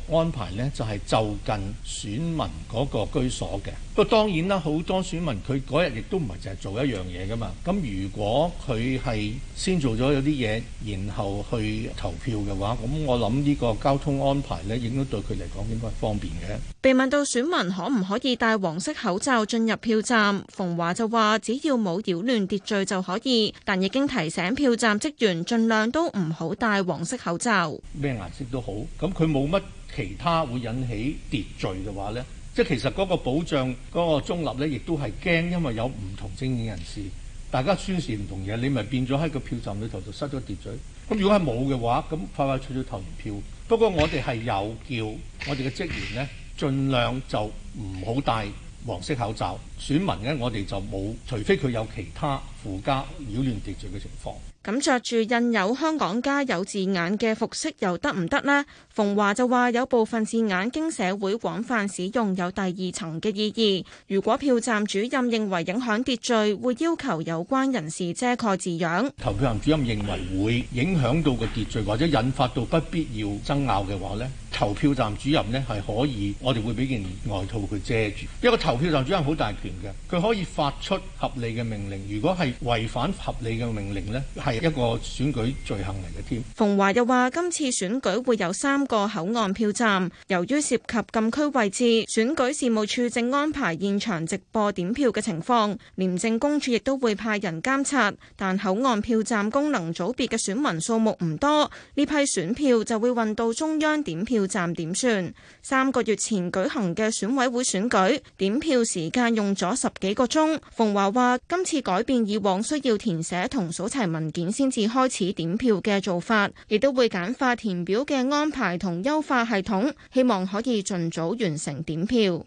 個安排咧，就係就近選民嗰個居所嘅。不過當然啦，好多選民佢嗰日亦都唔係淨係做一樣嘢噶嘛。咁如果佢係先做咗有啲嘢，然後去投票嘅話，咁我諗呢個交通安排咧，應該對佢嚟講應該方便嘅。被問到選民可唔可以戴黃色口罩進入票站，馮華就話只要冇擾亂秩序就可以，但已經提醒票站職員盡量都唔好戴黃色口罩。咩顏色都好。咁佢冇乜其他會引起秩序嘅話呢？即係其實嗰個保障嗰個中立呢，亦都係驚，因為有唔同政見人士，大家宣示唔同嘢，你咪變咗喺個票站裏頭就失咗秩序。咁如果係冇嘅話，咁快快脆脆投完票。不過我哋係有叫我哋嘅職員呢，儘量就唔好戴黃色口罩。選民呢，我哋就冇，除非佢有其他附加擾亂秩序嘅情況。咁着住印有香港加油字眼嘅服飾又得唔得咧？馮華就話，有部分字眼經社會廣泛使用，有第二層嘅意義。如果票站主任認為影響秩序，會要求有關人士遮蓋字樣，投票站主任認為會影響到個秩序，或者引發到不必要爭拗嘅話咧，投票站主任咧係可以，我哋會俾件外套佢遮住。一個投票站主任好大權嘅，佢可以發出合理嘅命令。如果係違反合理嘅命令咧，係一個選舉罪行嚟嘅添。馮華又話，今次選舉會有三個口岸票站，由於涉及禁區位置，選舉事務處正安排現場直播點票嘅情況，廉政公署亦都會派人監察。但口岸票站功能組別嘅選民數目唔多，呢批選票就會運到中央點票站點算。三個月前舉行嘅選委會選舉，點票時間用咗十幾個鐘，馮華話，今次改變以往需要填寫同數齊文件。先至開始點票嘅做法，亦都會簡化填表嘅安排同優化系統，希望可以盡早完成點票。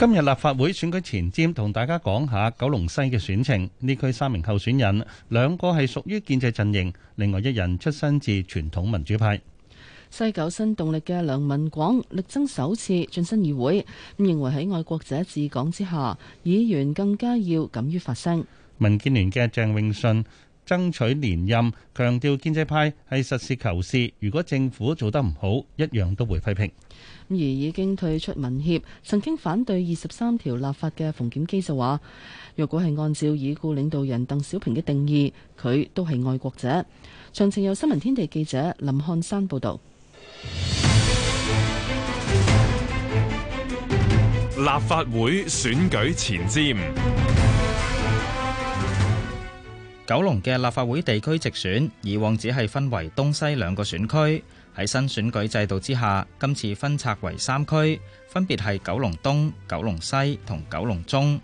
今日立法會選舉前瞻，同大家講下九龍西嘅選情。呢區三名候選人，兩個係屬於建制陣營，另外一人出身自傳統民主派。西九新動力嘅梁文廣力爭首次晉身議會，咁認為喺愛國者治港之下，議員更加要敢於發聲。民建聯嘅鄭永信爭取連任，強調建制派係實事求是，如果政府做得唔好，一樣都會批評。而已經退出民協，曾經反對二十三條立法嘅馮檢基就話：若果係按照已故領導人鄧小平嘅定義，佢都係愛國者。詳情由新聞天地記者林漢山報導。立法會選舉前瞻，九龍嘅立法會地區直選以往只係分為東西兩個選區，喺新選舉制度之下，今次分拆為三區，分別係九龍東、九龍西同九龍中。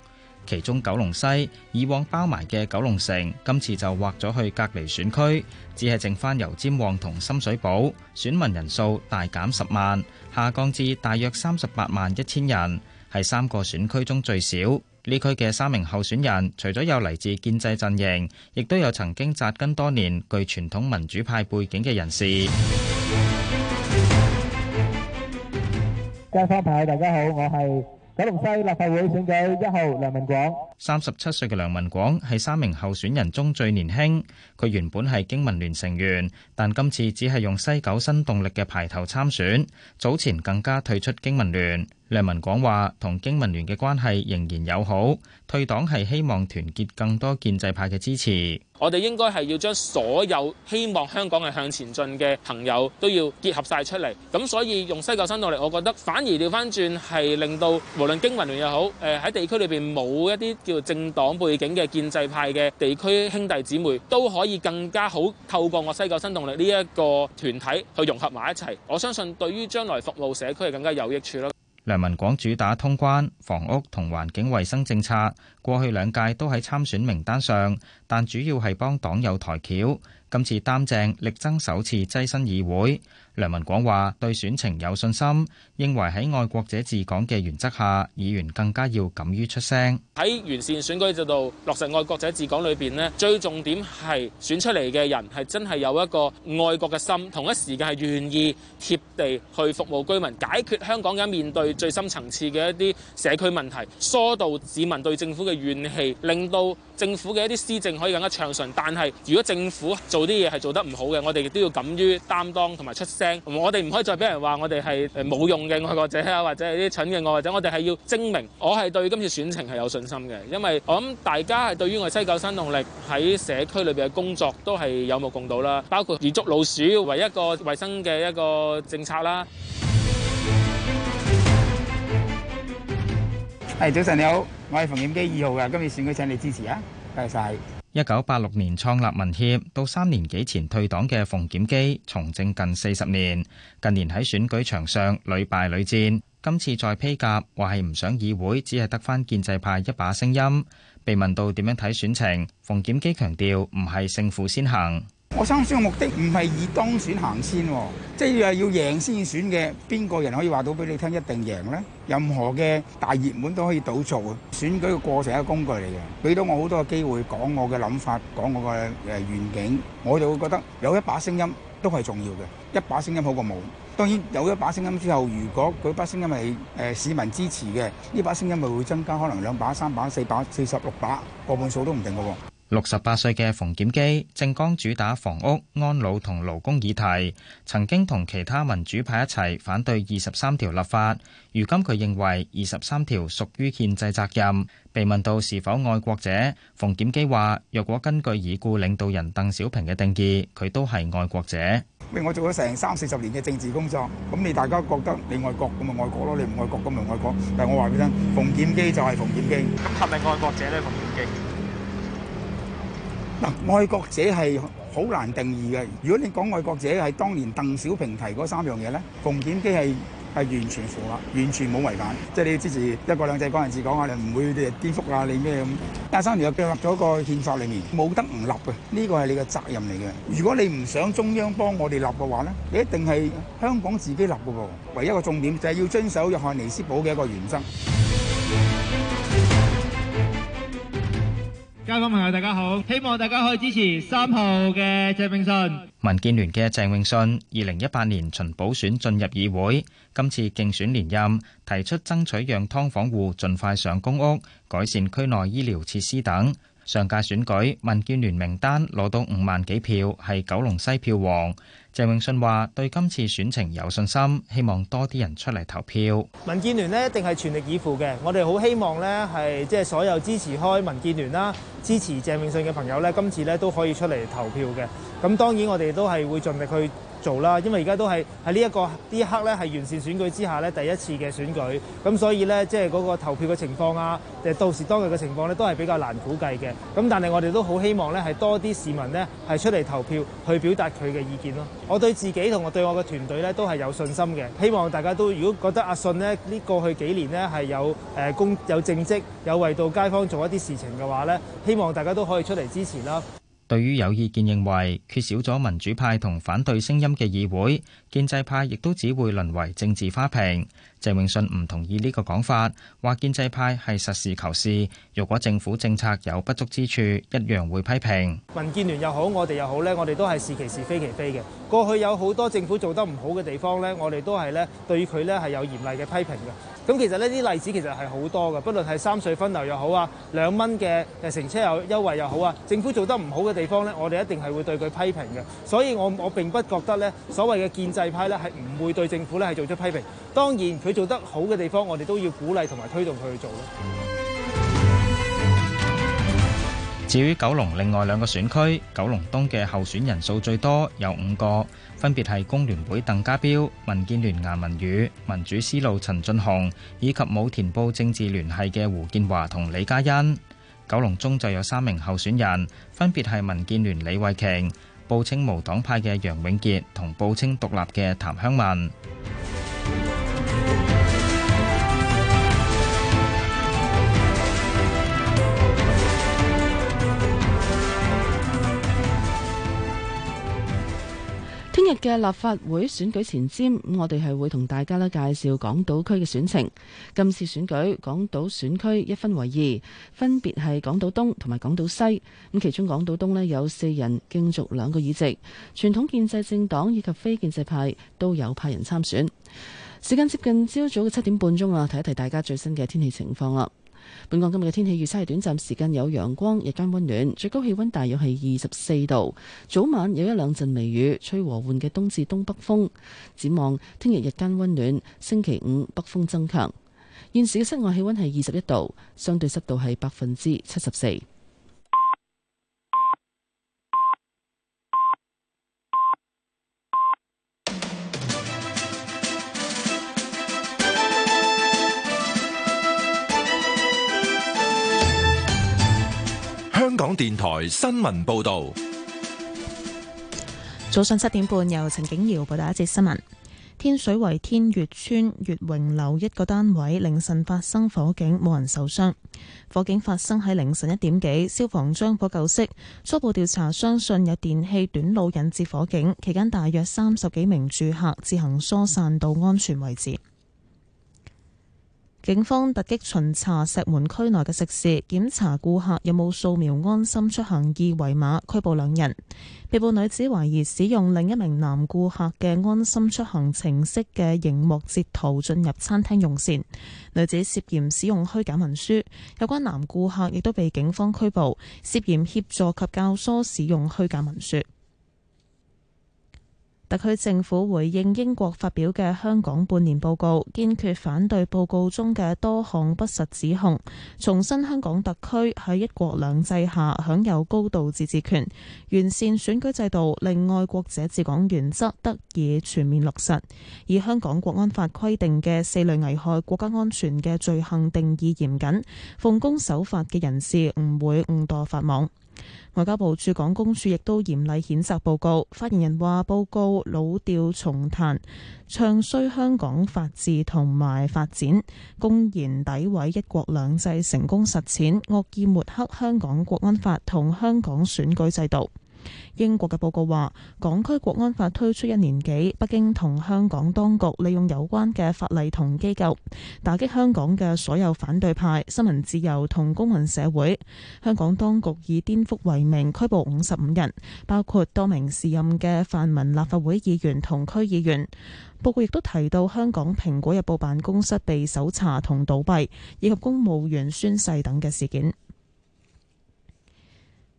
其中九龍西以往包埋嘅九龍城，今次就劃咗去隔離選區，只係剩翻油尖旺同深水埗，選民人數大減十萬，下降至大約三十八萬一千人，係三個選區中最少。呢區嘅三名候選人，除咗有嚟自建制陣營，亦都有曾經扎根多年、具傳統民主派背景嘅人士。街坊朋友大家好，我係。九龍西立法會選舉一號梁文廣，三十七歲嘅梁文廣係三名候選人中最年輕。佢原本係經民聯成員，但今次只係用西九新動力嘅排頭參選。早前更加退出經民聯。梁文廣話同經民聯嘅關係仍然友好，退黨係希望團結更多建制派嘅支持。我哋應該係要將所有希望香港係向前進嘅朋友都要結合晒出嚟。咁所以用西九新動力，我覺得反而掉翻轉係令到無論經民聯又好，誒喺地區裏邊冇一啲叫做政黨背景嘅建制派嘅地區兄弟姊妹都可以更加好透過我西九新動力呢一個團體去融合埋一齊。我相信對於將來服務社區係更加有益處咯。梁文廣主打通關、房屋同環境衛生政策，過去兩屆都喺參選名單上，但主要係幫黨友抬轎，今次擔正力爭首次躋身議會。梁文廣話,對選情有信心,認為喺愛國者治港嘅原則下,議員更加要敢於出聲。喺完善選舉制度,落實愛國者治港裡邊咧,最重點係選出嚟嘅人,係真係有一個愛國嘅心,同一時間願意貼地去服務居民,解決香港嘅面對最深層次嘅一啲社區問題,疏導市民對政府嘅怨氣,令到政府嘅一啲施政可以更加暢順，但係如果政府做啲嘢係做得唔好嘅，我哋亦都要敢於擔當同埋出聲。我哋唔可以再俾人話我哋係誒冇用嘅愛國者啊，或者係啲蠢嘅愛國者，我哋係要證明我係對今次選情係有信心嘅，因為我諗大家係對於我西九新動力喺社區裏邊嘅工作都係有目共睹啦，包括以捉老鼠為一個衛生嘅一個政策啦。係、hey, 早晨你好，我係馮檢基二號噶，今日選舉請你支持啊，多謝晒。一九八六年創立民協，到三年幾前退黨嘅馮檢基，從政近四十年，近年喺選舉場上屢敗屢戰，今次再披甲，話係唔想議會，只係得翻建制派一把聲音。被問到點樣睇選情，馮檢基強調唔係勝負先行。我參選嘅目的唔係以當選行先喎、哦，即係要贏先選嘅。邊個人可以話到俾你聽一定贏呢？任何嘅大熱門都可以倒做嘅。選舉嘅過程係一個工具嚟嘅，俾到我好多嘅機會講我嘅諗法，講我嘅誒願景。我就會覺得有一把聲音都係重要嘅，一把聲音好過冇。當然有一把聲音之後，如果嗰把聲音係市民支持嘅，呢把聲音咪會增加，可能兩把、三把、四把、四十六把過半數都唔定嘅喎、哦。六十八歲嘅馮檢基，政綱主打房屋、安老同勞工議題，曾經同其他民主派一齊反對二十三條立法。如今佢認為二十三條屬於憲制責任。被問到是否愛國者，馮檢基話：若果根據已故領導人鄧小平嘅定義，佢都係愛國者。咩？我做咗成三四十年嘅政治工作，咁你大家覺得你愛國，咁咪愛國咯？你唔愛國，咁咪愛國。但係我話俾你聽，馮檢基就係馮檢基。咁係咪愛國者呢？馮檢基？嗱，愛國者係好難定義嘅。如果你講愛國者係當年鄧小平提嗰三樣嘢咧，馮檢基係係完全符合，完全冇違反。即係你支持一國兩制嗰陣時講啊，你唔會顛覆啊你，你咩咁？但第三，又建立咗個憲法裡面冇得唔立嘅，呢、這個係你嘅責任嚟嘅。如果你唔想中央幫我哋立嘅話咧，你一定係香港自己立嘅噃。唯一一個重點就係要遵守《約翰尼斯堡》嘅一個原則。街坊朋友大家好，希望大家可以支持三號嘅鄭泳舜。民建聯嘅鄭泳舜，二零一八年循補選進入議會，今次競選連任，提出爭取讓劏房戶盡快上公屋，改善區內醫療設施等。上屆選舉，民建聯名單攞到五萬幾票，係九龍西票王。鄭永信話：對今次選情有信心，希望多啲人出嚟投票。民建聯呢一定係全力以赴嘅，我哋好希望呢係即係所有支持開民建聯啦、支持鄭永信嘅朋友呢，今次呢都可以出嚟投票嘅。咁當然我哋都係會盡力去做啦，因為而家都係喺呢一個呢一刻咧，係完善選舉之下咧第一次嘅選舉咁。所以咧，即係嗰個投票嘅情況啊，誒到時當日嘅情況咧都係比較難估計嘅。咁但係我哋都好希望咧係多啲市民咧係出嚟投票去表達佢嘅意見咯。我對自己同我對我嘅團隊咧都係有信心嘅。希望大家都如果覺得阿信咧呢過去幾年咧係有誒公、呃、有政績，有為到街坊做一啲事情嘅話咧，希望大家都可以出嚟支持啦。對於有意見認為缺少咗民主派同反對聲音嘅議會，建制派亦都只會淪為政治花瓶。謝永信唔同意呢個講法，話建制派係實事求是，若果政府政策有不足之處，一樣會批評。民建聯又好，我哋又好咧，我哋都係是,是其是非其非嘅。過去有好多政府做得唔好嘅地方咧，我哋都係咧對佢咧係有嚴厲嘅批評嘅。咁其實呢啲例子其實係好多嘅，不論係三隧分流又好啊，兩蚊嘅誒乘車有優惠又好啊，政府做得唔好嘅地方咧，我哋一定係會對佢批評嘅。所以我我並不覺得咧所謂嘅建制派咧係唔會對政府咧係做出批評。當然佢。做得好嘅地方，我哋都要鼓勵同埋推動佢去做咯。至於九龍另外兩個選區，九龍東嘅候選人數最多有五個，分別係工聯會鄧家彪、民建聯顏汶羽、民主思路陳進雄，以及冇填報政治聯繫嘅胡建華同李嘉欣。九龍中就有三名候選人，分別係民建聯李慧瓊、報稱無黨派嘅楊永杰同報稱獨立嘅譚香文。今日嘅立法會選舉前瞻，咁我哋係會同大家呢介紹港島區嘅選情。今次選舉，港島選區一分為二，分別係港島東同埋港島西。咁其中港島東呢有四人競逐兩個議席，傳統建制政黨以及非建制派都有派人參選。時間接近朝早嘅七點半鐘啦，提一提大家最新嘅天氣情況啦。本港今日嘅天氣預測係短暫時間有陽光，日間溫暖，最高氣溫大約係二十四度。早晚有一兩陣微雨，吹和緩嘅東至東北風。展望聽日日間溫暖，星期五北風增強。現時嘅室外氣溫係二十一度，相對濕度係百分之七十四。香港電台新聞報道，早上七點半由陳景瑤報道一節新聞。天水圍天悦邨悦榮樓一個單位凌晨發生火警，冇人受傷。火警發生喺凌晨一點幾，消防將火救熄。初步調查相信有電器短路引致火警，期間大約三十幾名住客自行疏散到安全位置。警方突擊巡查石門區內嘅食肆，檢查顧客有冇掃描安心出行二維碼，拘捕兩人。被捕女子懷疑使用另一名男顧客嘅安心出行程式嘅熒幕截圖進入餐廳用膳，女子涉嫌使用虛假文書。有關男顧客亦都被警方拘捕，涉嫌協助及教唆使用虛假文書。特區政府回應英國發表嘅香港半年報告，堅決反對報告中嘅多項不實指控，重申香港特區喺一國兩制下享有高度自治權，完善選舉制度令愛國者治港原則得以全面落實，以香港國安法規定嘅四類危害國家安全嘅罪行定義嚴謹，奉公守法嘅人士唔會誤墮法網。外交部駐港公署亦都嚴厲譴責報告，發言人話：報告老調重彈，唱衰香港法治同埋發展，公然詆毀一國兩制成功實踐，惡意抹黑香港國安法同香港選舉制度。英國嘅報告話，港區國安法推出一年幾，北京同香港當局利用有關嘅法例同機構，打擊香港嘅所有反對派、新聞自由同公民社會。香港當局以顛覆為名拘捕五十五人，包括多名時任嘅泛民立法會議員同區議員。報告亦都提到香港蘋果日報辦公室被搜查同倒閉，以及公務員宣誓等嘅事件。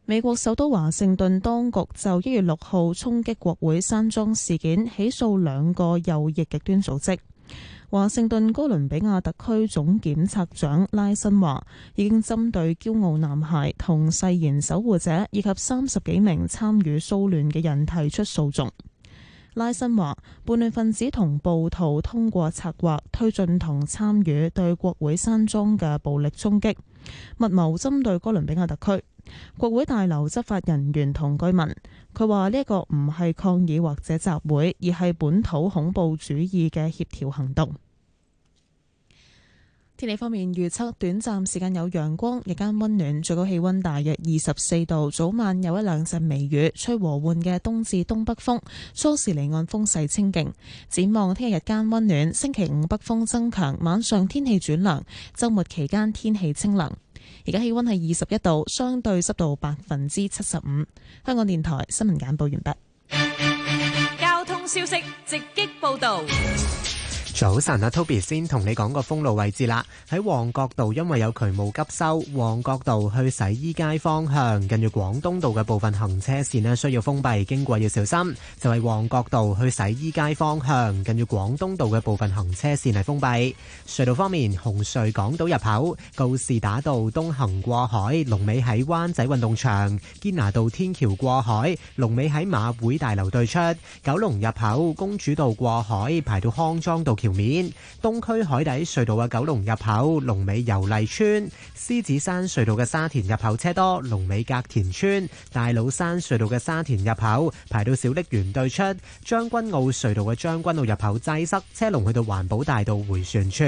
美國首都華盛頓當局就一月六號衝擊國會山莊事件起訴兩個右翼極端組織。華盛頓哥倫比亞特區總檢察長拉辛話，已經針對驕傲男孩同誓言守護者以及三十幾名參與騷亂嘅人提出訴訟。拉辛話，叛亂分子同暴徒通過策劃、推進同參與對國會山莊嘅暴力衝擊，密謀針對哥倫比亞特區，國會大樓執法人員同居民，佢話呢一個唔係抗議或者集會，而係本土恐怖主義嘅協調行動。天氣方面預測，短暫時間有陽光，日間溫暖，最高氣溫大約二十四度。早晚有一兩陣微雨，吹和緩嘅東至東北風，初時離岸風勢清勁。展望聽日日間溫暖，星期五北風增強，晚上天氣轉涼，周末期間天氣清涼。而家氣溫係二十一度，相對濕度百分之七十五。香港電台新聞簡報完畢。交通消息，直擊報道。早晨啊，Toby 先同你講個封路位置啦。喺旺角道，因為有渠務急修，旺角道去洗衣街方向近住廣東道嘅部分行車線咧需要封閉，經過要小心。就係旺角道去洗衣街方向近住廣東道嘅部分行車線係封閉。隧道方面，紅隧港島入口告士打道東行過海，龍尾喺灣仔運動場；堅拿道天橋過海，龍尾喺馬會大樓對出；九龍入口公主道過海，排到康莊道。橋面東區海底隧道嘅九龍入口，龍尾油麗邨；獅子山隧道嘅沙田入口車多，龍尾隔田村；大老山隧道嘅沙田入口排到小瀝源對出；將軍澳隧道嘅將軍澳入口擠塞，車龍去到環保大道回旋處。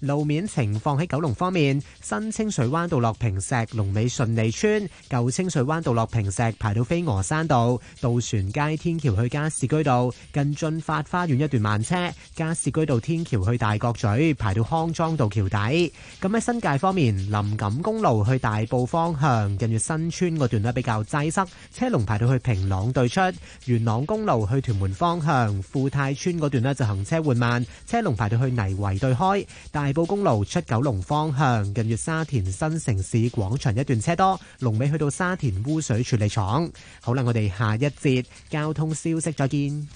路面情況喺九龍方面，新清水灣道落坪石、龍尾順利村、舊清水灣道落坪石排到飛鵝山道、渡船街天橋去加士居道、近俊發花園一段慢車、加士居道天橋去大角咀排到康莊道橋底。咁喺新界方面，林錦公路去大埔方向近住新村嗰段呢比較擠塞，車龍排到去平朗對出；元朗公路去屯門方向富泰村嗰段呢就行車緩慢，車龍排到去泥圍對開，但大埔公路出九龍方向，近住沙田新城市廣場一段車多，龍尾去到沙田污水處理廠。好啦，我哋下一節交通消息再見。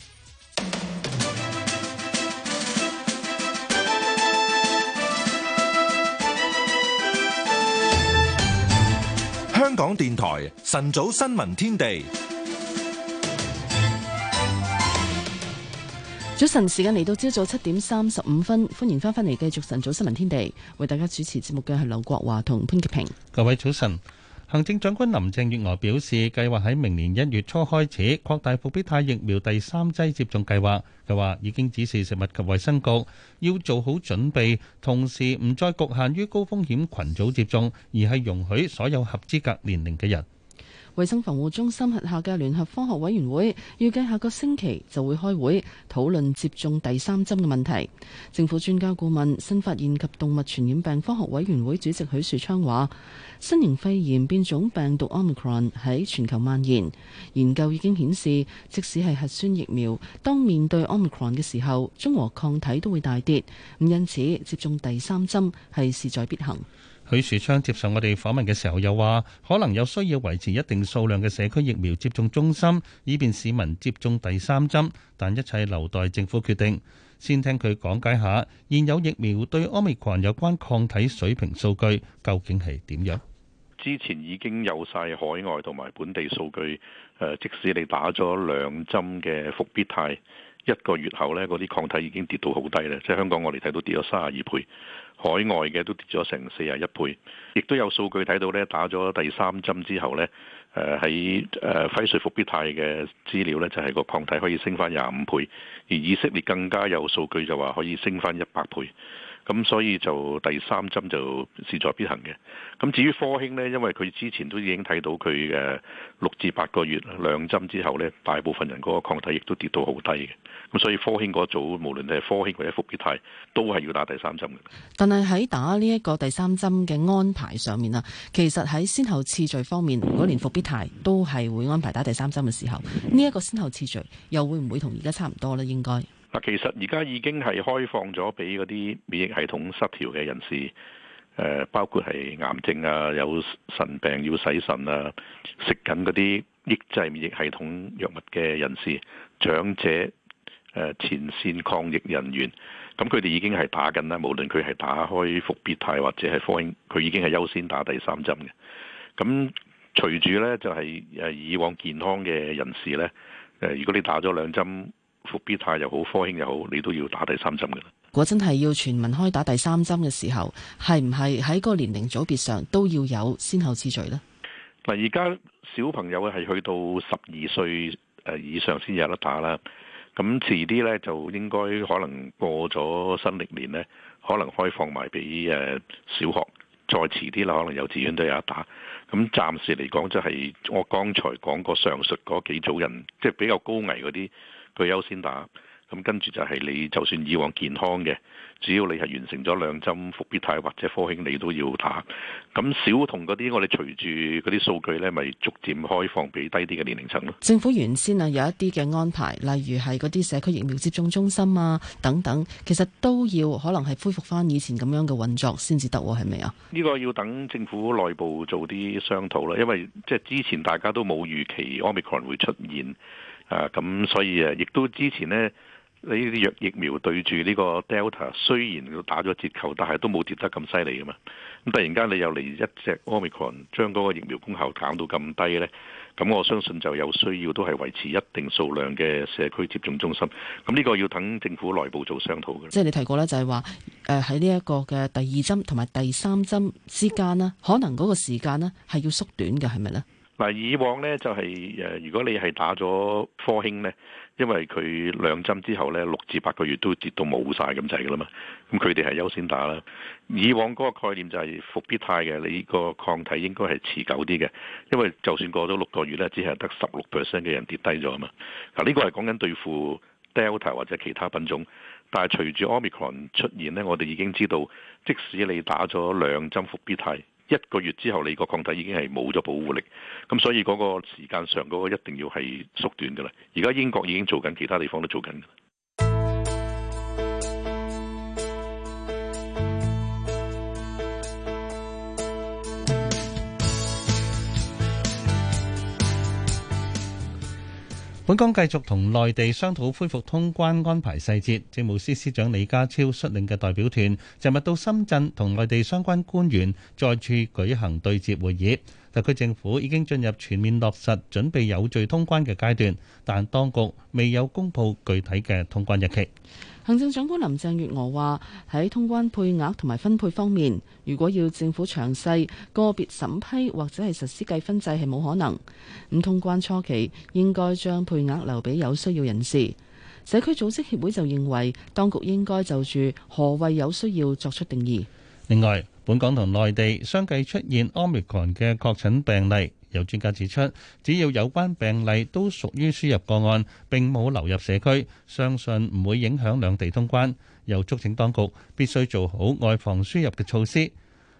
香港電台晨早新聞天地。早晨，時間嚟到朝早七點三十五分，歡迎翻返嚟繼續晨早新聞天地，為大家主持節目嘅係劉國華同潘潔平。各位早晨，行政長官林鄭月娥表示，計劃喺明年一月初開始擴大復必泰疫苗第三劑接種計劃。佢話已經指示食物及衞生局要做好準備，同時唔再局限於高風險群組接種，而係容許所有合資格年齡嘅人。衛生防護中心轄下嘅聯合科學委員會預計下個星期就會開會討論接種第三針嘅問題。政府專家顧問新發現及動物傳染病科學委員會主席許樹昌話，新型肺炎變種病毒 Omicron 喺全球蔓延，研究已經顯示，即使係核酸疫苗，當面對 Omicron 嘅時候，中和抗體都會大跌。咁因此，接種第三針係勢在必行。許樹昌接受我哋訪問嘅時候又話，可能有需要維持一定數量嘅社區疫苗接種中心，以便市民接種第三針，但一切留待政府決定。先聽佢講解下現有疫苗對 Omicron 有關抗體水平數據究竟係點樣？之前已經有晒海外同埋本地數據，誒，即使你打咗兩針嘅復必泰，一個月後呢，嗰啲抗體已經跌到好低咧，即係香港我哋睇到跌咗三十二倍。海外嘅都跌咗成四十一倍，亦都有數據睇到咧，打咗第三針之後咧，誒喺誒輝瑞復必泰嘅資料咧，就係個抗體可以升翻廿五倍，而以色列更加有數據就話可以升翻一百倍。咁所以就第三針就勢在必行嘅。咁至於科興呢，因為佢之前都已經睇到佢誒六至八個月兩針之後呢，大部分人嗰個抗體亦都跌到好低嘅。咁所以科興嗰組無論係科興或者復必泰，都係要打第三針嘅。但係喺打呢一個第三針嘅安排上面啦，其實喺先後次序方面，如果連復必泰都係會安排打第三針嘅時候，呢一個先後次序又會唔會同而家差唔多呢？應該？嗱，其實而家已經係開放咗俾嗰啲免疫系統失調嘅人士，誒、呃，包括係癌症啊、有腎病要洗腎啊、食緊嗰啲抑制免疫系統藥物嘅人士、長者、誒、呃、前線抗疫人員，咁佢哋已經係打緊啦。無論佢係打開復必泰或者係科興，佢已經係優先打第三針嘅。咁隨住呢就係、是、誒以往健康嘅人士呢，誒、呃、如果你打咗兩針。復必泰又好，科興又好，你都要打第三針嘅啦。果真係要全民開打第三針嘅時候，係唔係喺嗰個年齡組別上都要有先後次序呢？嗱，而家小朋友係去到十二歲誒以上先有得打啦。咁遲啲咧就應該可能過咗新曆年咧，可能開放埋俾誒小學。再遲啲啦，可能幼稚園都有得打。咁暫時嚟講，就係我剛才講過上述嗰幾組人，即係比較高危嗰啲。佢優先打，咁跟住就係你就算以往健康嘅，只要你係完成咗兩針復必泰或者科興，你都要打。咁小童嗰啲我哋隨住嗰啲數據咧，咪逐漸開放俾低啲嘅年齡層咯。政府原先啊有一啲嘅安排，例如係嗰啲社區疫苗接種中心啊等等，其實都要可能係恢復翻以前咁樣嘅運作先至得，係咪啊？呢個要等政府內部做啲商討啦，因為即係之前大家都冇預期 Omicron 會出現。啊，咁所以啊，亦都之前呢，你啲藥疫苗對住呢個 Delta 雖然打咗折扣，但係都冇跌得咁犀利㗎嘛。咁突然間你又嚟一隻 Omicron，將嗰個疫苗功效減到咁低咧，咁我相信就有需要都係維持一定數量嘅社區接種中心。咁呢個要等政府內部做商討嘅。即係你提過咧，就係話誒喺呢一個嘅第二針同埋第三針之間呢，可能嗰個時間咧係要縮短嘅，係咪呢？嗱，以往咧就係、是、誒，如果你係打咗科興咧，因為佢兩針之後咧，六至八個月都跌到冇晒咁滯噶啦嘛，咁佢哋係優先打啦。以往嗰個概念就係復必泰嘅，你個抗體應該係持久啲嘅，因為就算過咗六個月咧，只係得十六 percent 嘅人跌低咗啊嘛。嗱，呢個係講緊對付 Delta 或者其他品種，但係隨住 Omicron 出現咧，我哋已經知道，即使你打咗兩針復必泰，一個月之後，你個抗體已經係冇咗保護力，咁所以嗰個時間上嗰個一定要係縮短㗎啦。而家英國已經做緊，其他地方都做緊。本港繼續同內地商討恢復通關安排細節，政務司司長李家超率領嘅代表團尋日到深圳同內地相關官員再次舉行對接會議。特區政府已經進入全面落實準備有序通關嘅階段，但當局未有公佈具體嘅通關日期。行政長官林鄭月娥話：喺通關配額同埋分配方面，如果要政府詳細個別審批或者係實施計分制，係冇可能。咁通關初期應該將配額留俾有需要人士。社區組織協會就認為，當局應該就住何謂有需要作出定義。另外，本港同內地相繼出現 Omicron 嘅確診病例。有專家指出，只要有關病例都屬於輸入個案，並冇流入社區，相信唔會影響兩地通關。又促請當局必須做好外防輸入嘅措施。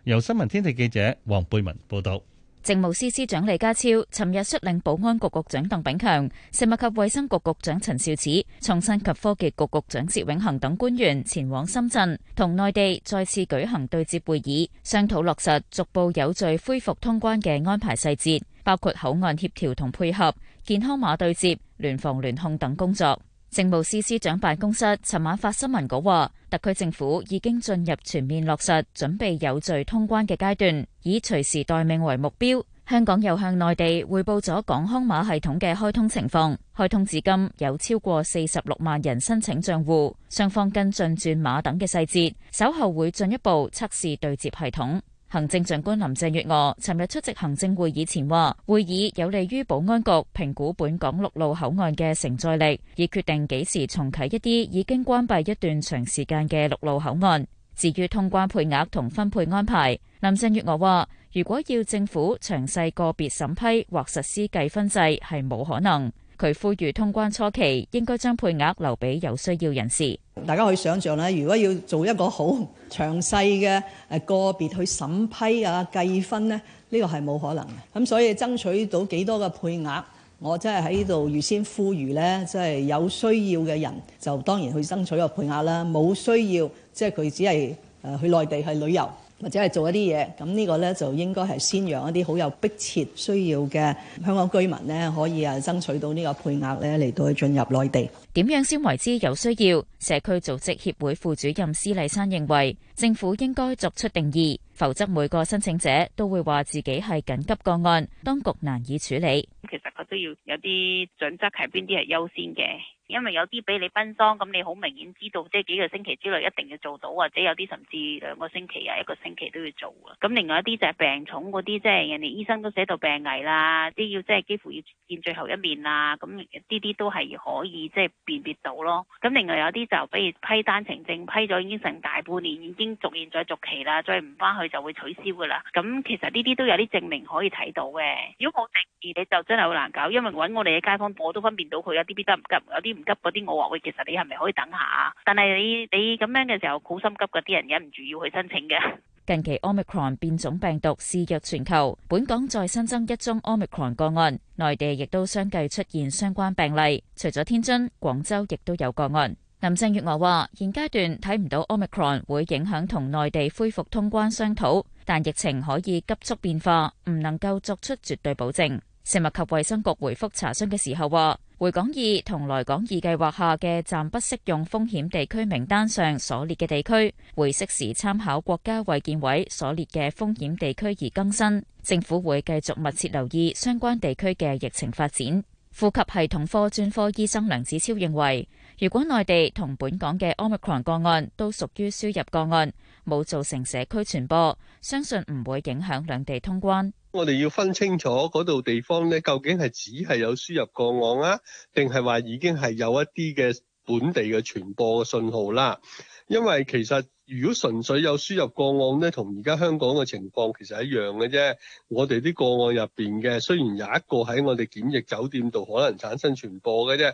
由新聞天地記者黃貝文報導。政務司司長李家超尋日率領保安局局長鄧炳強、食物及衛生局局長陳肇始、創新及科技局局長薛永恒等官員前往深圳，同內地再次舉行對接會議，商討落實逐步有序恢復通關嘅安排細節，包括口岸協調同配合、健康碼對接、聯防聯控等工作。政務司司長辦公室尋晚發新聞稿話，特區政府已經進入全面落實、準備有序通關嘅階段，以隨時待命為目標。香港又向內地匯報咗港康碼系統嘅開通情況，開通至今有超過四十六萬人申請賬戶，雙方跟進轉碼等嘅細節，稍後會進一步測試對接系統。行政長官林鄭月娥尋日出席行政會議前話，會議有利於保安局評估本港陸路口岸嘅承載力，以決定幾時重啓一啲已經關閉一段長時間嘅陸路口岸。至於通關配額同分配安排，林鄭月娥話，如果要政府詳細個別審批或實施計分制，係冇可能。佢呼籲通關初期應該將配額留俾有需要人士。大家可以想象啦，如果要做一個好詳細嘅誒個別去審批啊計分呢，呢個係冇可能嘅。咁所以爭取到幾多嘅配額，我真係喺呢度預先呼籲咧，即係有需要嘅人就當然去爭取個配額啦。冇需要，即係佢只係誒去內地去旅遊，或者係做一啲嘢，咁呢個呢，就應該係先讓一啲好有迫切需要嘅香港居民呢，可以啊爭取到呢個配額呢，嚟到去進入內地。點樣先為之有需要？社區組織協會副主任施麗珊認為，政府應該作出定義，否則每個申請者都會話自己係緊急個案，當局難以處理。其實佢都要有啲準則，係邊啲係優先嘅。因為有啲俾你奔喪，咁你好明顯知道，即係幾個星期之內一定要做到，或者有啲甚至兩個星期啊，一個星期都要做啊。咁另外一啲就係病重嗰啲，即係人哋醫生都寫到病危啦，即係要，即係幾乎要。見最後一面啦，咁呢啲都係可以即係辨別到咯。咁另外有啲就比如批單程證批咗已經成大半年，已經逐漸再續期啦，再唔翻去就會取消噶啦。咁其實呢啲都有啲證明可以睇到嘅。如果冇證而你就真係好難搞，因為搵我哋嘅街坊，我都分辨到佢有啲啲得唔急，有啲唔急嗰啲，我話喂，其實你係咪可以等下？但係你你咁樣嘅時候好心急嗰啲人忍唔住要去申請嘅。 近期 Omicron 變種病毒肆虐全球，本港再新增一宗 Omicron 個案，內地亦都相繼出現相關病例，除咗天津，廣州亦都有個案。林鄭月娥話：現階段睇唔到 Omicron 會影響同內地恢復通關商討，但疫情可以急速變化，唔能夠作出絕對保證。食物及衛生局回覆查詢嘅時候話。回港二同來港二計劃下嘅暫不適用風險地區名單上所列嘅地區，會適時參考國家衛健委所列嘅風險地區而更新。政府會繼續密切留意相關地區嘅疫情發展。呼吸系統科專科醫生梁子超認為，如果內地同本港嘅 omicron 個案都屬於輸入個案。冇造成社區傳播，相信唔會影響兩地通關。我哋要分清楚嗰度地方咧，究竟係只係有輸入個案啊，定係話已經係有一啲嘅本地嘅傳播嘅信號啦。因為其實如果純粹有輸入個案咧，同而家香港嘅情況其實一樣嘅啫。我哋啲個案入邊嘅，雖然有一個喺我哋檢疫酒店度可能產生傳播嘅啫。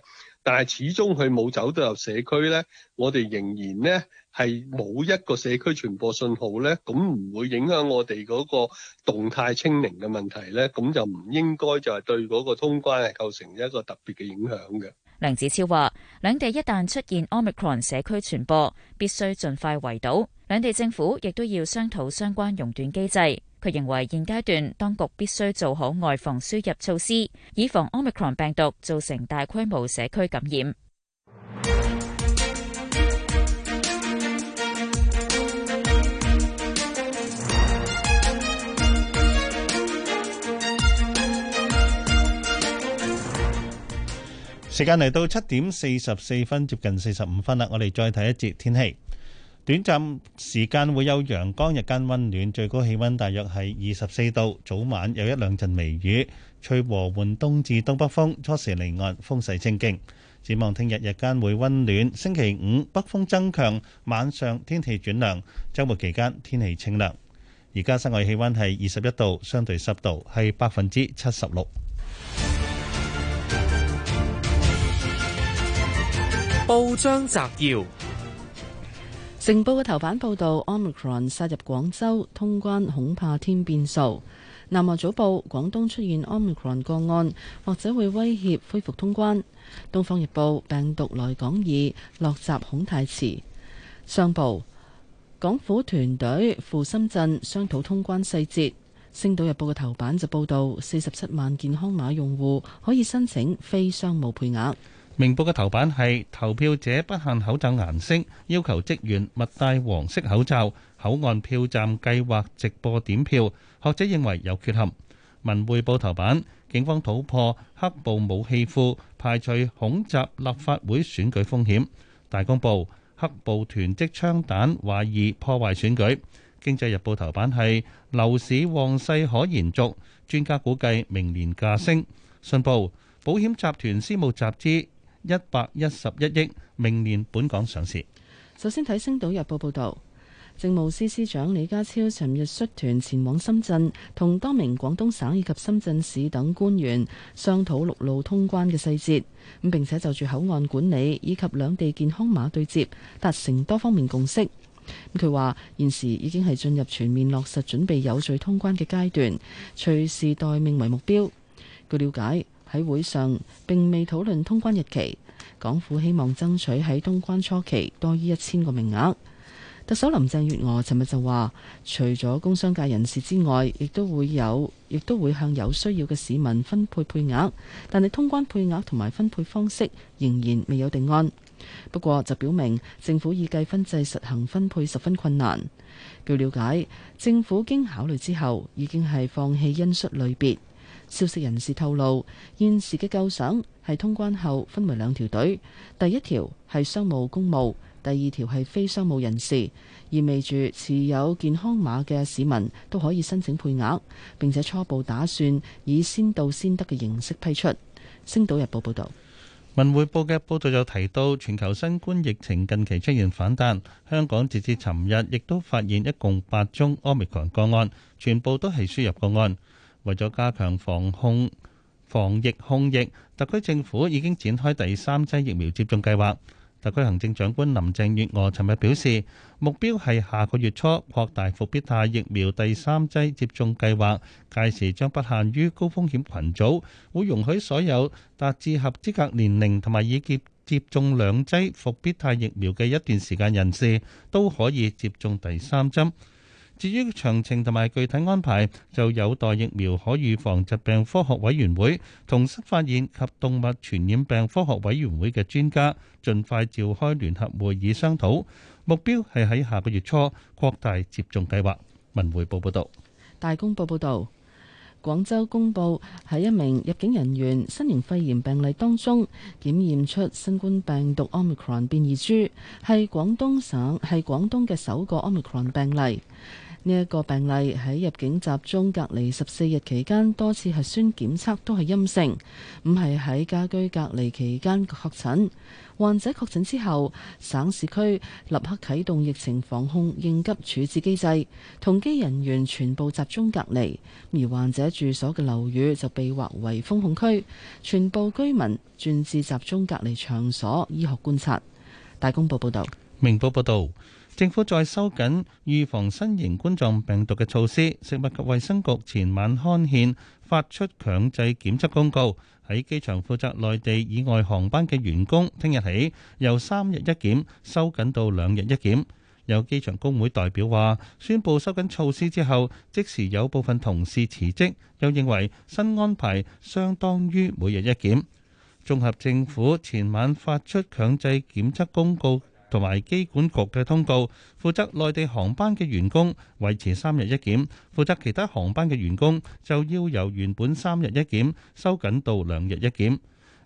但係始終佢冇走到入社區呢，我哋仍然呢係冇一個社區傳播信號呢，咁唔會影響我哋嗰個動態清零嘅問題呢。咁就唔應該就係對嗰個通關係構成一個特別嘅影響嘅。梁子超話：兩地一旦出現 Omicron 社區傳播，必須盡快圍堵，兩地政府亦都要商討相關熔斷機制。佢認為現階段當局必須做好外防輸入措施，以防 Omicron 病毒造成大規模社區感染。時間嚟到七點四十四分，接近四十五分啦，我哋再睇一節天氣。短暫時間會有陽光，日間溫暖，最高氣溫大約係二十四度。早晚有一兩陣微雨，吹和緩東至東北風，初時離岸，風勢清勁。展望聽日日間會溫暖，星期五北風增強，晚上天氣轉涼，周末期間天氣清涼。而家室外氣溫係二十一度，相對濕度係百分之七十六。報章摘要。《明報》嘅頭版報導，奧 r o n 殺入廣州，通關恐怕天變數。《南華早報》廣東出現奧 r o n 個案，或者會威脅恢復通關。《東方日報》病毒來港已落閘，恐太遲。商報，港府團隊赴深圳商討通關細節。《星島日報》嘅頭版就報導，四十七萬健康碼用戶可以申請非商務配額。明報嘅頭版係投票者不限口罩顏色，要求職員勿戴黃色口罩。口岸票站計劃直播點票，學者認為有缺陷。文匯報頭版，警方突破黑暴武器庫，排除恐襲立法會選舉風險。大公報黑暴團積槍彈，懷疑破壞選舉。經濟日報頭版係樓市旺勢可延續，專家估計明年價升。信報保險集團私募集資一百一十一億，明年本港上市。首先睇《星島日報》報導，政務司司長李家超尋日率團前往深圳，同多名廣東省以及深圳市等官員商討陸路通關嘅細節，咁並且就住口岸管理以及兩地健康碼對接，達成多方面共識。咁佢話，現時已經係進入全面落實準備有序通關嘅階段，隨時待命為目標。據了解。喺會上，並未討論通關日期。港府希望爭取喺通關初期多於一千個名額。特首林鄭月娥尋日就話，除咗工商界人士之外，亦都會有，亦都會向有需要嘅市民分配配額。但係通關配額同埋分配方式仍然未有定案。不過就表明政府以計分制實行分配十分困難。據了解，政府經考慮之後，已經係放棄因素類別。消息人士透露，現時嘅構想係通關後分為兩條隊，第一條係商務公務，第二條係非商務人士，意味住持有健康碼嘅市民都可以申請配額，並且初步打算以先到先得嘅形式批出。星島日報報道。文匯報嘅報道有提到，全球新冠疫情近期出現反彈，香港截至尋日亦都發現一共八宗 Omicron 個案，全部都係輸入個案。為咗加強防控防疫控疫，特區政府已經展開第三劑疫苗接種計劃。特區行政長官林鄭月娥尋日表示，目標係下個月初擴大復必泰疫苗第三劑接種計劃，屆時將不限於高風險群組，會容許所有達至合資格年齡同埋已接接種兩劑復必泰疫苗嘅一段時間人士都可以接種第三針。至於詳情同埋具體安排，就有待疫苗可預防疾病科學委員會同新發現及動物傳染病科學委員會嘅專家盡快召開聯合會議商討，目標係喺下個月初擴大接種計劃。文匯報報道。大公報報導。廣州公佈喺一名入境人員新型肺炎病例當中，檢驗出新冠病毒 Omicron 變異株，係廣東省，係廣東嘅首個 Omicron 病例。呢一個病例喺入境集中隔離十四日期間多次核酸檢測都係陰性，唔係喺家居隔離期間確診。患者確診之後，省市區立刻啟動疫情防控應急處置機制，同機人員全部集中隔離。而患者住所嘅樓宇就被劃為封控區，全部居民轉至集中隔離場所醫學觀察。大公報報道。明報報道。政府再收緊預防新型冠狀病毒嘅措施，食物及衞生局前晚刊憲發出強制檢測公告，喺機場負責內地以外航班嘅員工，聽日起由三日一檢收緊到兩日一檢。有機場工會代表話，宣布收緊措施之後，即時有部分同事辭職，又認為新安排相當於每日一檢。綜合政府前晚發出強制檢測公告。同埋機管局嘅通告，負責內地航班嘅員工維持三日一檢，負責其他航班嘅員工就要由原本三日一檢收緊到兩日一檢。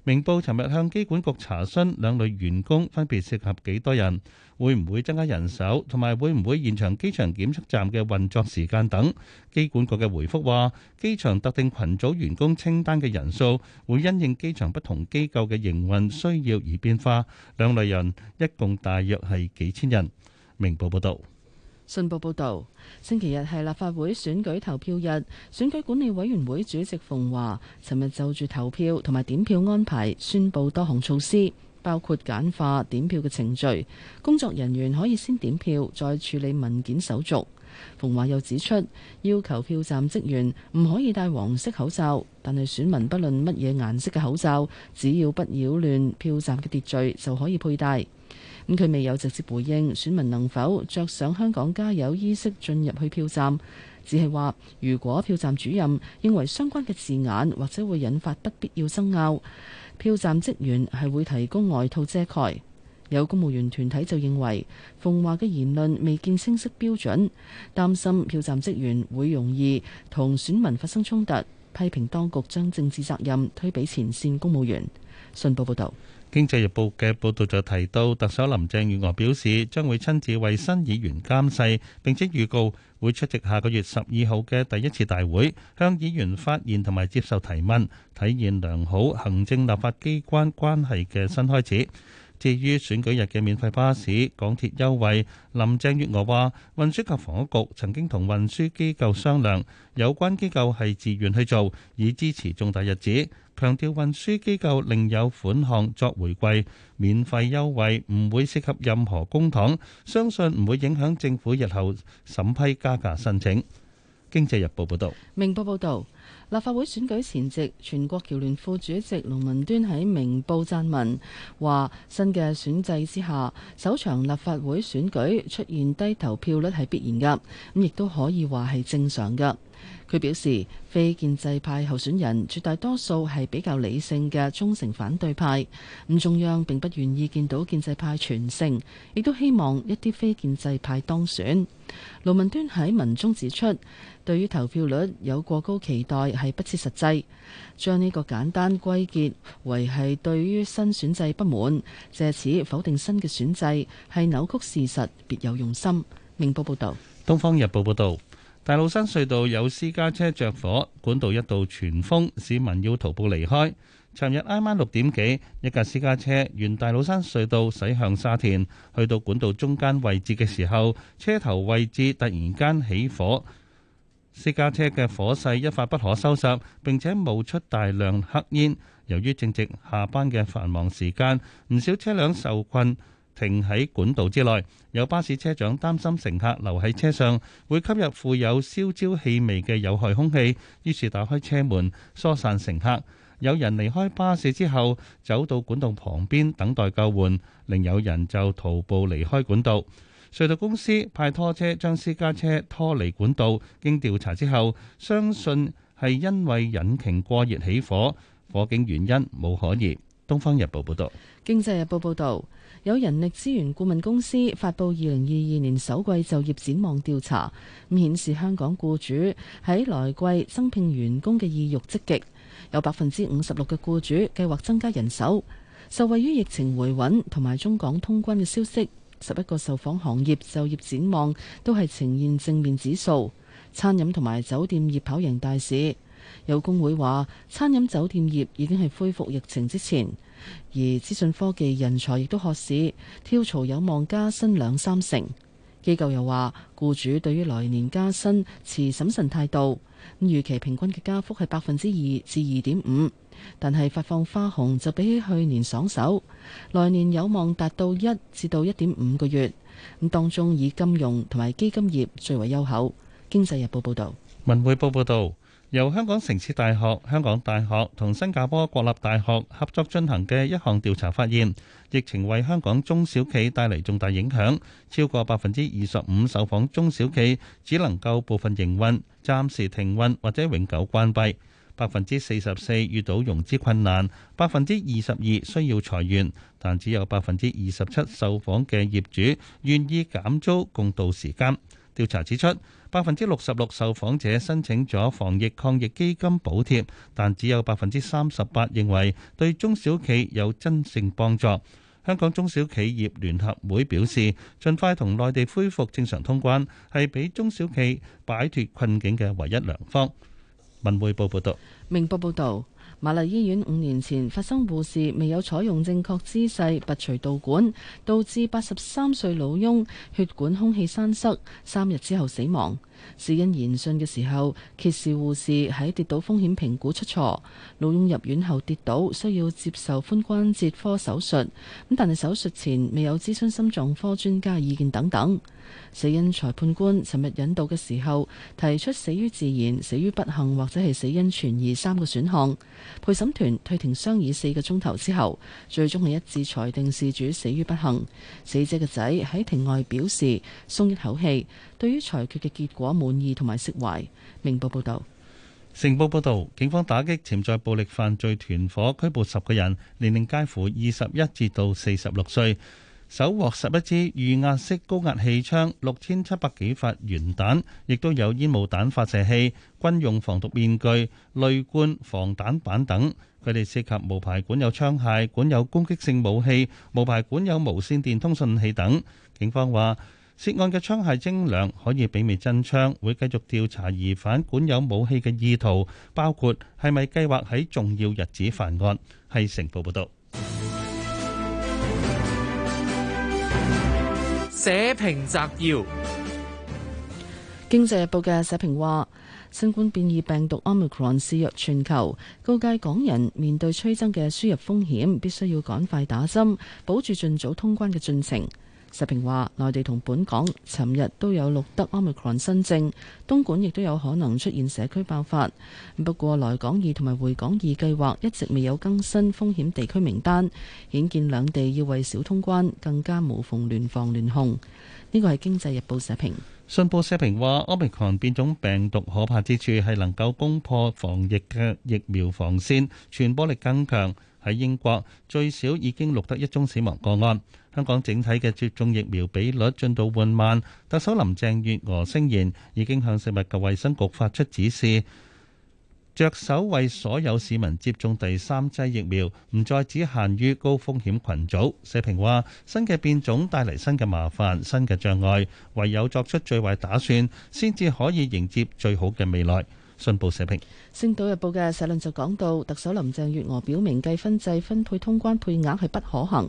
明報尋日向機管局查詢兩類員工分別適合幾多人,會唔會增加人手,同埋會唔會延長機場檢測站嘅運作時間等,機管局嘅回覆話,機場特定群組員工清單嘅人數,會因應機場不同機構嘅營運需要而變化,兩類人一共大約係幾千人。明報報道。信報報導，星期日係立法會選舉投票日，選舉管理委員會主席馮華尋日就住投票同埋點票安排宣佈多項措施，包括簡化點票嘅程序，工作人員可以先點票再處理文件手續。馮華又指出，要求票站職員唔可以戴黃色口罩，但係選民不論乜嘢顏色嘅口罩，只要不擾亂票站嘅秩序就可以佩戴。佢未有直接回應選民能否着上香港加油衣飾進入去票站，只係話如果票站主任認為相關嘅字眼或者會引發不必要爭拗，票站職員係會提供外套遮蓋。有公務員團體就認為馮驊嘅言論未見清晰標準，擔心票站職員會容易同選民發生衝突，批評當局將政治責任推俾前線公務員。信報報道。《經濟日報》嘅報導就提到，特首林鄭月娥表示將會親自為新議員監誓，並且預告會出席下個月十二號嘅第一次大會，向議員發言同埋接受提問，體現良好行政立法機關關係嘅新開始。至於選舉日嘅免費巴士、港鐵優惠，林鄭月娥話：運輸及房屋局曾經同運輸機構商量，有關機構係自願去做，以支持重大日子。強調運輸機構另有款項作回饋，免費優惠唔會涉及任何公帑，相信唔會影響政府日後審批加價申請。經濟日報報導，明報報導。立法會選舉前夕，全國僑聯副主席龍文端喺明報撰文，話新嘅選制之下，首場立法會選舉出現低投票率係必然㗎，咁亦都可以話係正常㗎。佢表示，非建制派候選人絕大多數係比較理性嘅忠誠反對派，咁中央並不願意見到建制派全勝，亦都希望一啲非建制派當選。盧文端喺文中指出，對於投票率有過高期待係不切實際，將呢個簡單歸結為係對於新選制不滿，借此否定新嘅選制，係扭曲事實別有用心。明報報道，東方日報報道。大老山隧道有私家車着火，管道一度全封，市民要徒步離開。尋日挨晚六點幾，一架私家車沿大老山隧道駛向沙田，去到管道中間位置嘅時候，車頭位置突然間起火，私家車嘅火勢一發不可收拾，並且冒出大量黑煙。由於正值下班嘅繁忙時間，唔少車輛受困。停喺管道之內，有巴士車長擔心乘客留喺車上會吸入附有燒焦氣味嘅有害空氣，於是打開車門疏散乘客。有人離開巴士之後，走到管道旁邊等待救援，另有人就徒步離開管道。隧道公司派拖車將私家車拖離管道。經調查之後，相信係因為引擎過熱起火，火警原因冇可疑。東方日報報道，經濟日報報道。有人力資源顧問公司發布二零二二年首季就業展望調查，咁顯示香港僱主喺來季增聘員工嘅意欲積極，有百分之五十六嘅僱主計劃增加人手。受惠於疫情回穩同埋中港通關嘅消息，十一個受訪行業就業展望都係呈現正面指數，餐飲同埋酒店業跑贏大市。有工會話，餐飲酒店業已經係恢復疫情之前。而資訊科技人才亦都渴市，跳槽有望加薪兩三成。機構又話，僱主對於來年加薪持審慎態度，咁預期平均嘅加幅係百分之二至二點五。但係發放花紅就比起去年爽手，來年有望達到一至到一點五個月。咁當中以金融同埋基金業最為優厚。經濟日報報道。文匯報報道。由香港城市大學、香港大學同新加坡國立大學合作進行嘅一項調查發現，疫情為香港中小企帶嚟重大影響，超過百分之二十五受訪中小企只能夠部分營運、暫時停運或者永久關閉，百分之四十四遇到融資困難，百分之二十二需要裁員，但只有百分之二十七受訪嘅業主願意減租共渡時艱。調查指出，百分之六十六受訪者申請咗防疫抗疫基金補貼，但只有百分之三十八認為對中小企有真正幫助。香港中小企業聯合會表示，盡快同內地恢復正常通關，係俾中小企擺脱困境嘅唯一良方。文匯報報導，明報報道。瑪麗醫院五年前發生護士未有採用正確姿勢拔除導管，導致八十三歲老翁血管空氣栓塞，三日之後死亡。死因研訊嘅時候，揭示護士喺跌倒風險評估出錯，老翁入院後跌倒，需要接受髖關節科手術，咁但係手術前未有諮詢心臟科專家意見等等。死因裁判官尋日引導嘅時候，提出死於自然、死於不幸或者係死因存疑三個選項。陪審團退庭商議四個鐘頭之後，最終係一致裁定事主死於不幸。死者嘅仔喺庭外表示鬆一口氣，對於裁決嘅結果滿意同埋釋懷。明報報道，成報報道，警方打擊潛在暴力犯罪團伙，拘捕十個人，年齡介乎二十一至到四十六歲。手獲十一支預壓式高壓氣槍、六千七百幾發鉛彈，亦都有煙霧彈發射器、軍用防毒面具、雷罐、防彈板等。佢哋涉及無牌管有槍械、管有攻擊性武器、無牌管有無線電通訊器等。警方話，涉案嘅槍械精良，可以媲美真槍。會繼續調查疑犯管有武器嘅意圖，包括係咪計劃喺重要日子犯案。係城報報道。社評摘要：經濟日報嘅社評話，新冠變異病毒 Omicron 肆虐全球，告誡港人面對趨增嘅輸入風險，必須要趕快打針，保住盡早通關嘅進程。社評話，內地同本港尋日都有錄得 Omicron 新症，東莞亦都有可能出現社區爆發。不過來港易同埋回港易計劃一直未有更新風險地區名單，顯見兩地要為小通關更加無縫聯防聯控。呢個係《經濟日報》社評。信報社評話，Omicron 變種病毒可怕之處係能夠攻破防疫嘅疫苗防線，傳播力更強。喺英國最少已經錄得一宗死亡個案。香港整體嘅接種疫苗比率進度緩慢。特首林鄭月娥聲言已經向食物及衞生局發出指示，着手為所有市民接種第三劑疫苗，唔再只限於高風險羣組。社評話：新嘅變種帶嚟新嘅麻煩、新嘅障礙，唯有作出最壞打算，先至可以迎接最好嘅未來。信報社評，《星島日報》嘅社論就講到，特首林鄭月娥表明計分制分配通關配額係不可行，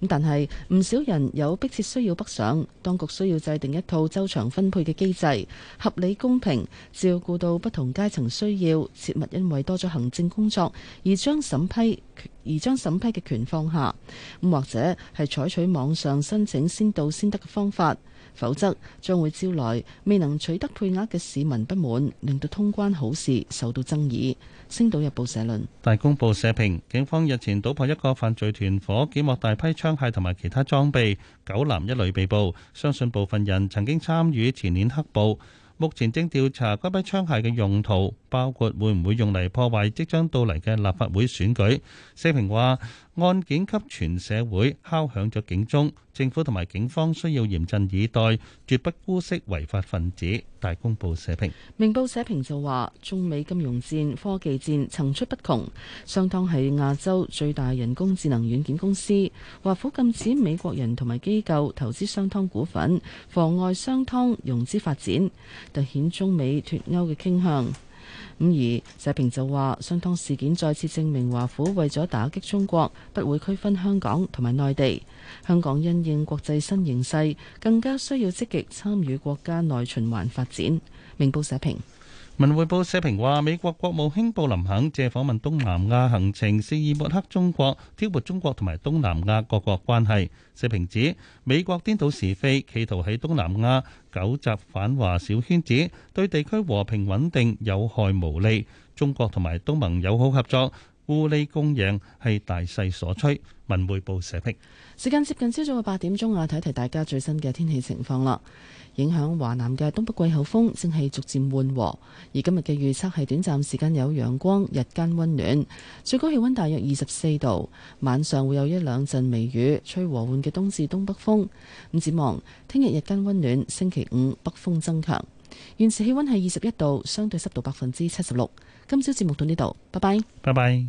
咁但係唔少人有迫切需要北上，當局需要制定一套周詳分配嘅機制，合理公平，照顧到不同階層需要，切勿因為多咗行政工作而將審批而將審批嘅權放下，咁或者係採取網上申請先到先得嘅方法。否則將會招來未能取得配額嘅市民不滿，令到通關好事受到爭議。星島日報社論。大公報社評，警方日前搗破一個犯罪團伙，繳獲大批槍械同埋其他裝備，九男一女被捕。相信部分人曾經參與前年黑暴，目前正調查該批槍械嘅用途，包括會唔會用嚟破壞即將到嚟嘅立法會選舉。社評話。案件給全社會敲響咗警鐘，政府同埋警方需要嚴陣以待，絕不姑息違法分子。大公報社評。明報社評就話，中美金融戰、科技戰層出不窮，商湯係亞洲最大人工智能軟件公司，華府禁止美國人同埋機構投資商湯股份，妨礙商湯融資發展，凸顯中美脫歐嘅傾向。咁而社評就話，商湯事件再次證明華府為咗打擊中國，不會區分香港同埋內地。香港因應國際新形勢，更加需要積極參與國家內循環發展。明報社評。文匯報社評話，美國國務卿布林肯借訪問東南亞行程肆意抹黑中國，挑撥中國同埋東南亞各國關係。社評指，美國顛倒是非，企圖喺東南亞糾集反華小圈子，對地區和平穩定有害無利。中國同埋東盟友好合作，互利共贏係大勢所趨。文匯報社評。時間接近朝早嘅八點鐘啊，睇一睇大家最新嘅天氣情況啦。影響華南嘅東北季候風正係逐漸緩和，而今日嘅預測係短暫時間有陽光，日間溫暖，最高氣溫大約二十四度，晚上會有一兩陣微雨，吹和緩嘅東至東北風。咁展望聽日日間溫暖，星期五北風增強。現時氣溫係二十一度，相對濕度百分之七十六。今朝節目到呢度，拜拜，拜拜。